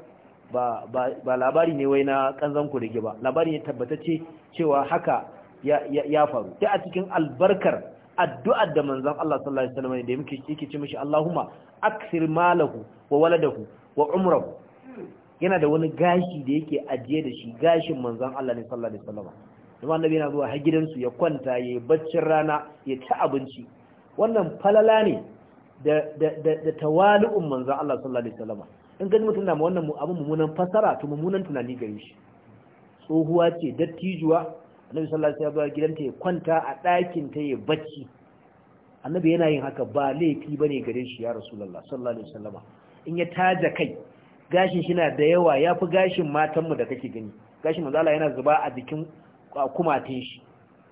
ba, ba, labari ne wai na kanzan kurege ba labari ne tabbatacce cewa haka ya, ya, ya faru da a cikin albarkar addu'ar da manzan Allah sallallahu alaihi wasallam da yake yake ce mishi Allahumma aksir malahu wa waladahu wa umrahu yana da wani gashi da yake ajiye da shi gashin manzan Allah ne sallallahu alaihi wasallam kuma yana zuwa har gidansu ya kwanta ya yi baccin rana ya ci abinci wannan falala ne da tawali'un manzan Allah sallallahu alaihi wasallam in gani mutum na ma wannan abin mummunan fasara to mummunan tunani gare shi tsohuwa ce dattijuwa annabi sallallahu alaihi wasallam gidanta ya kwanta a ɗakin ta ya bacci annabi yana yin haka ba laifi bane gare shi ya rasulullah sallallahu alaihi wasallam in ya taja kai gashin shi na da yawa yafi gashin matanmu da kake gani gashin manzo Allah yana zuba a jikin kumatin shi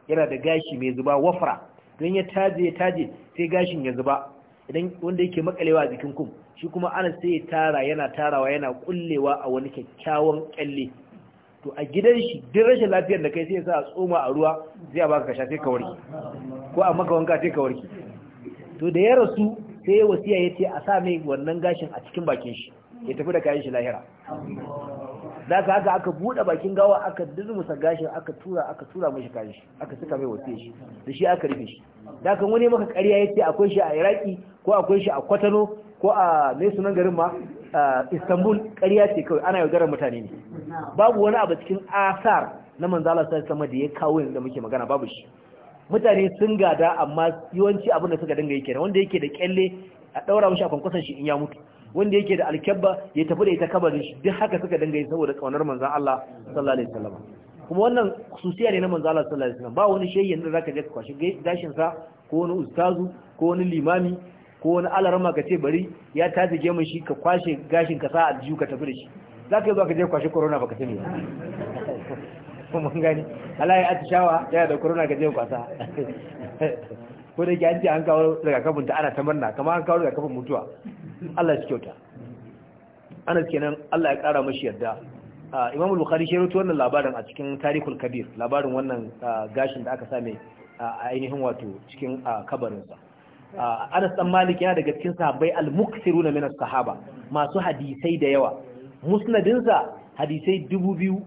yana da gashi mai zuba wafra don ya taje ya taje sai gashin ya zuba idan wanda yake makalewa a jikin kum shi kuma ana sai ya tara yana tarawa yana kullewa a wani kyakkyawan kyalle to a gidan shi duk rashin lafiyar da kai sai sa a tsoma a ruwa sai a baka kasha sai ka warke ko a maka wanka sai ka warke to da ya rasu sai wasiya ya ce a sa mai wannan gashin a cikin bakin shi ya tafi da kayan shi lahira da ka haka aka buɗe bakin gawa aka dizmusa gashin aka tura aka tura mashi kayan shi aka suka mai wasiya shi da shi aka rufe shi da kan wani maka ƙarya ya ce akwai shi a iraki ko akwai shi a kwatano ko a mai sunan garin ma istanbul ƙarya ce kawai ana yaudarar mutane ne babu wani abu cikin asar na manzala sai sama da ya kawo yanzu da muke magana babu shi mutane sun gada amma yawanci abin da suka dinga yake kenan wanda yake da kyalle a daura mushi a kwankwasan shi in ya mutu wanda yake da alkyabba ya tafi da ita kabarin shi duk haka suka dinga yi saboda kaunar manzan Allah sallallahu alaihi wasallam kuma wannan susiya ne na manzan Allah sallallahu alaihi wasallam ba wani shehi da zaka je ka kwashi gashin sa ko wani ustazu ko wani limami ko wani alarma ka ce bari ya taji gemun shi ka kwashe gashin ka sa jiyu ka tafi da shi za ka yi zuwa ka je kwashe corona ba ka sani ba mun gani alayi atishawa yana da corona ka je kwasa ko da ke an ce an kawo rigakafin ta ana ta murna kama an kawo rigakafin mutuwa Allah ya kyauta ana kenan Allah ya kara mashi yarda Imam Bukhari shi rutu wannan labarin a cikin tarihul Kabir labarin wannan gashin da aka same a ainihin wato cikin kabarinsa Ah, Anas dan Malik yana daga cikin sahabbai al-muksiruna na minas sahaba masu hadisai da yawa musnadinsa hadisai 2286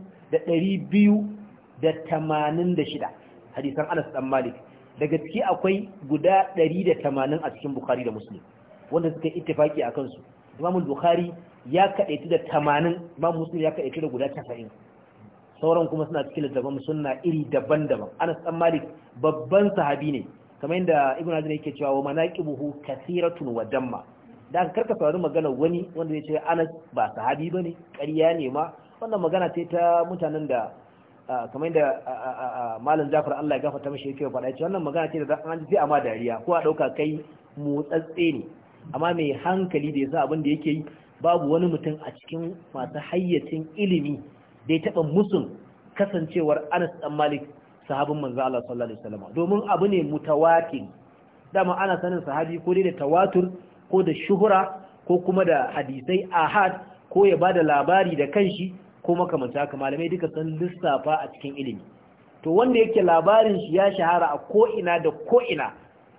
hadisan Anas dan Malik daga ciki akwai guda 180 a cikin Bukhari da Musulun, wanda suka yi tafaki a kansu. Imam Bukhari ya kaɗaitu da 80 Imam Musulun ya kaɗaitu da guda 90 sauran kuma suna cikin littafin sunna iri daban-daban Anas dan Malik babban sahabi ne kamar yadda ibn azmi yake cewa wa manaqibuhu kathiratun wa damma da aka karka faru magana wani wanda ya ce Anas ba sahabi bane ƙarya ne ma wannan magana ce ta mutanen da kamar yadda malam Jafar Allah ya gafarta mishi yake faɗa cewa wannan magana ce da an ji amma dariya ko a dauka kai motsatse ne amma mai hankali da yasa abin da yake yi babu wani mutum a cikin masu hayyacin ilimi da ya taɓa musun kasancewar Anas dan Malik sahabin manzo Allah sallallahu alaihi wasallam domin abu ne mutawatir dama ana sanin sahabi ko dai da tawatur ko da shuhura ko kuma da hadisai ahad ko ya bada labari da kanshi ko makamanta haka malamai duka san lissafa a cikin ilimi to wanda yake labarin shi ya shahara a ko ina da ko ina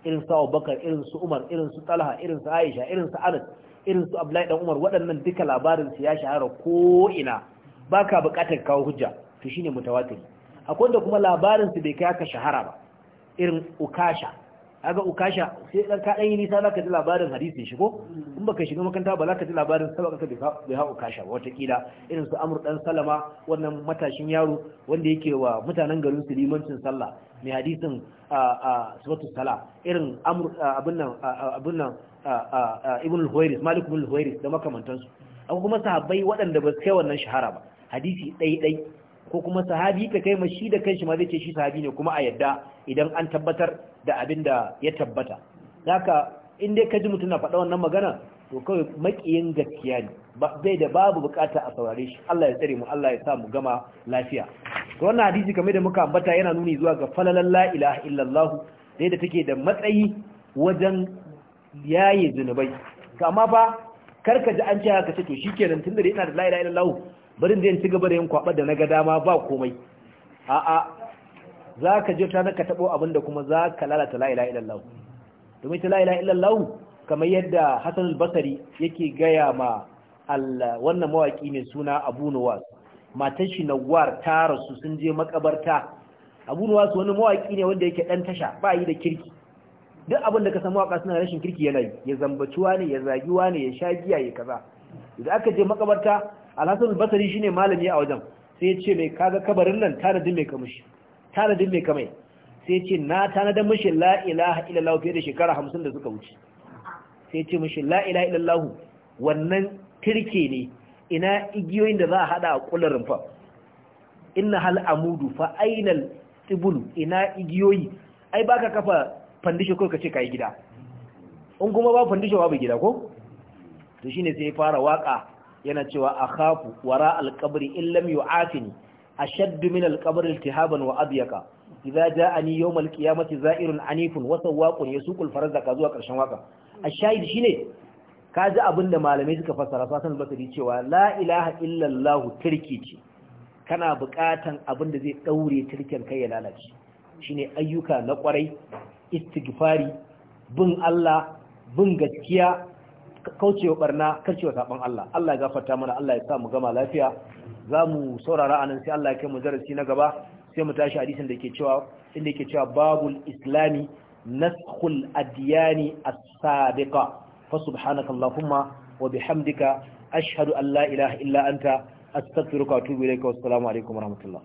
irin su Abubakar irin su Umar irin su Talha irin su Aisha irin su Anas irin su Abdullahi dan Umar waɗannan duka labarin su ya shahara ko ina baka buƙatar kawo hujja to shine mutawatir akwai da kuma labarinsu bai kai haka shahara ba irin ukasha aga ukasha sai dan ka dan yi nisa zaka ji labarin hadisi shi ko in baka shiga makaranta ba zaka ji labarin sabaka ka bai ha ukasha ba wata kila irin su amr dan salama wannan matashin yaro wanda yake wa mutanen garin su limancin sallah mai hadisin sifatu sala irin amr abun nan abun nan ibn al-huwairis malik ibn al-huwairis da makamantansu akwai kuma sahabbai waɗanda ba su kai wannan shahara ba hadisi ɗai ɗai ko kuma sahabi ka kai shi da kanshi ma zai ce shi sahabi ne kuma a yadda idan an tabbatar da abin da ya tabbata haka in dai ka ji mutum na faɗa wannan magana to kawai makiyin gaskiya ne bai da babu buƙata a saurare shi Allah ya tsare mu Allah ya sa mu gama lafiya to wannan hadisi kamar da muka ambata yana nuni zuwa ga falalan la ilaha illallah da yadda take da matsayi wajen yaye zunubai to amma fa karka ji an ce haka ce to tun tunda yana da la ilaha illallah bari in ci gaba da yin kwaɓa da na ga dama ba komai a'a za ka je ta naka taɓo abin da kuma za ka lalata la'ila ilaha domin ta la'ila ilaha kamar yadda Hassan Basari yake gaya ma Allah wannan mawaki mai suna Abu Nuwas matar shi Nawar ta rasu sun je makabarta Abu Nuwas wani mawaki ne wanda yake ɗan tasha ba yi da kirki duk abin da ka san mawaka suna rashin kirki yanayi. ya zambaci wani ya zagi wani ya sha giya ya kaza idan aka je makabarta alhassan basari ne malami a wajen sai ce mai kaga kabarin nan tanadin mai kamushi tanadin mai kamai sai ce na tanadin mashi La'ilaha ilaha fiye da shekara hamsin da suka wuce sai ce mashi La'ilaha ilaha wannan tirke ne ina igiyoyin da za a hada a kullar rumfa ina hal amudu fa ainal tibul ina igiyoyi ai baka kafa fandisho ko kace kai gida in kuma ba fandisho ba gida ko to shine sai fara waka yana cewa khafu wara alqabri in lam yu'afini ashadd min alqabri tihaban wa abyaka idza ja'ani yawm alqiyamati za'irun anifun wa sawaqun yasuqu alfarzaka zuwa karshen waka ashahid shine ji abinda malamai suka fassara fasan basiri cewa la ilaha illallahu allah turki ce kana buƙatan da zai daure turkin kai ya lalace shine ayyuka na kwarai istighfari bin Allah bin gaskiya kaucewa barna kaucewa saban Allah Allah ya gafarta mana Allah ya sa mu gama lafiya za mu saurara anan sai Allah ya kai mu darasi na gaba sai mu tashi hadisin da ke cewa inda yake cewa babul islami naskhul adyani as-sabiqa fa subhanaka allahumma wa bihamdika ashhadu an la ilaha illa anta astaghfiruka wa atubu ilayka wa assalamu alaikum wa rahmatullah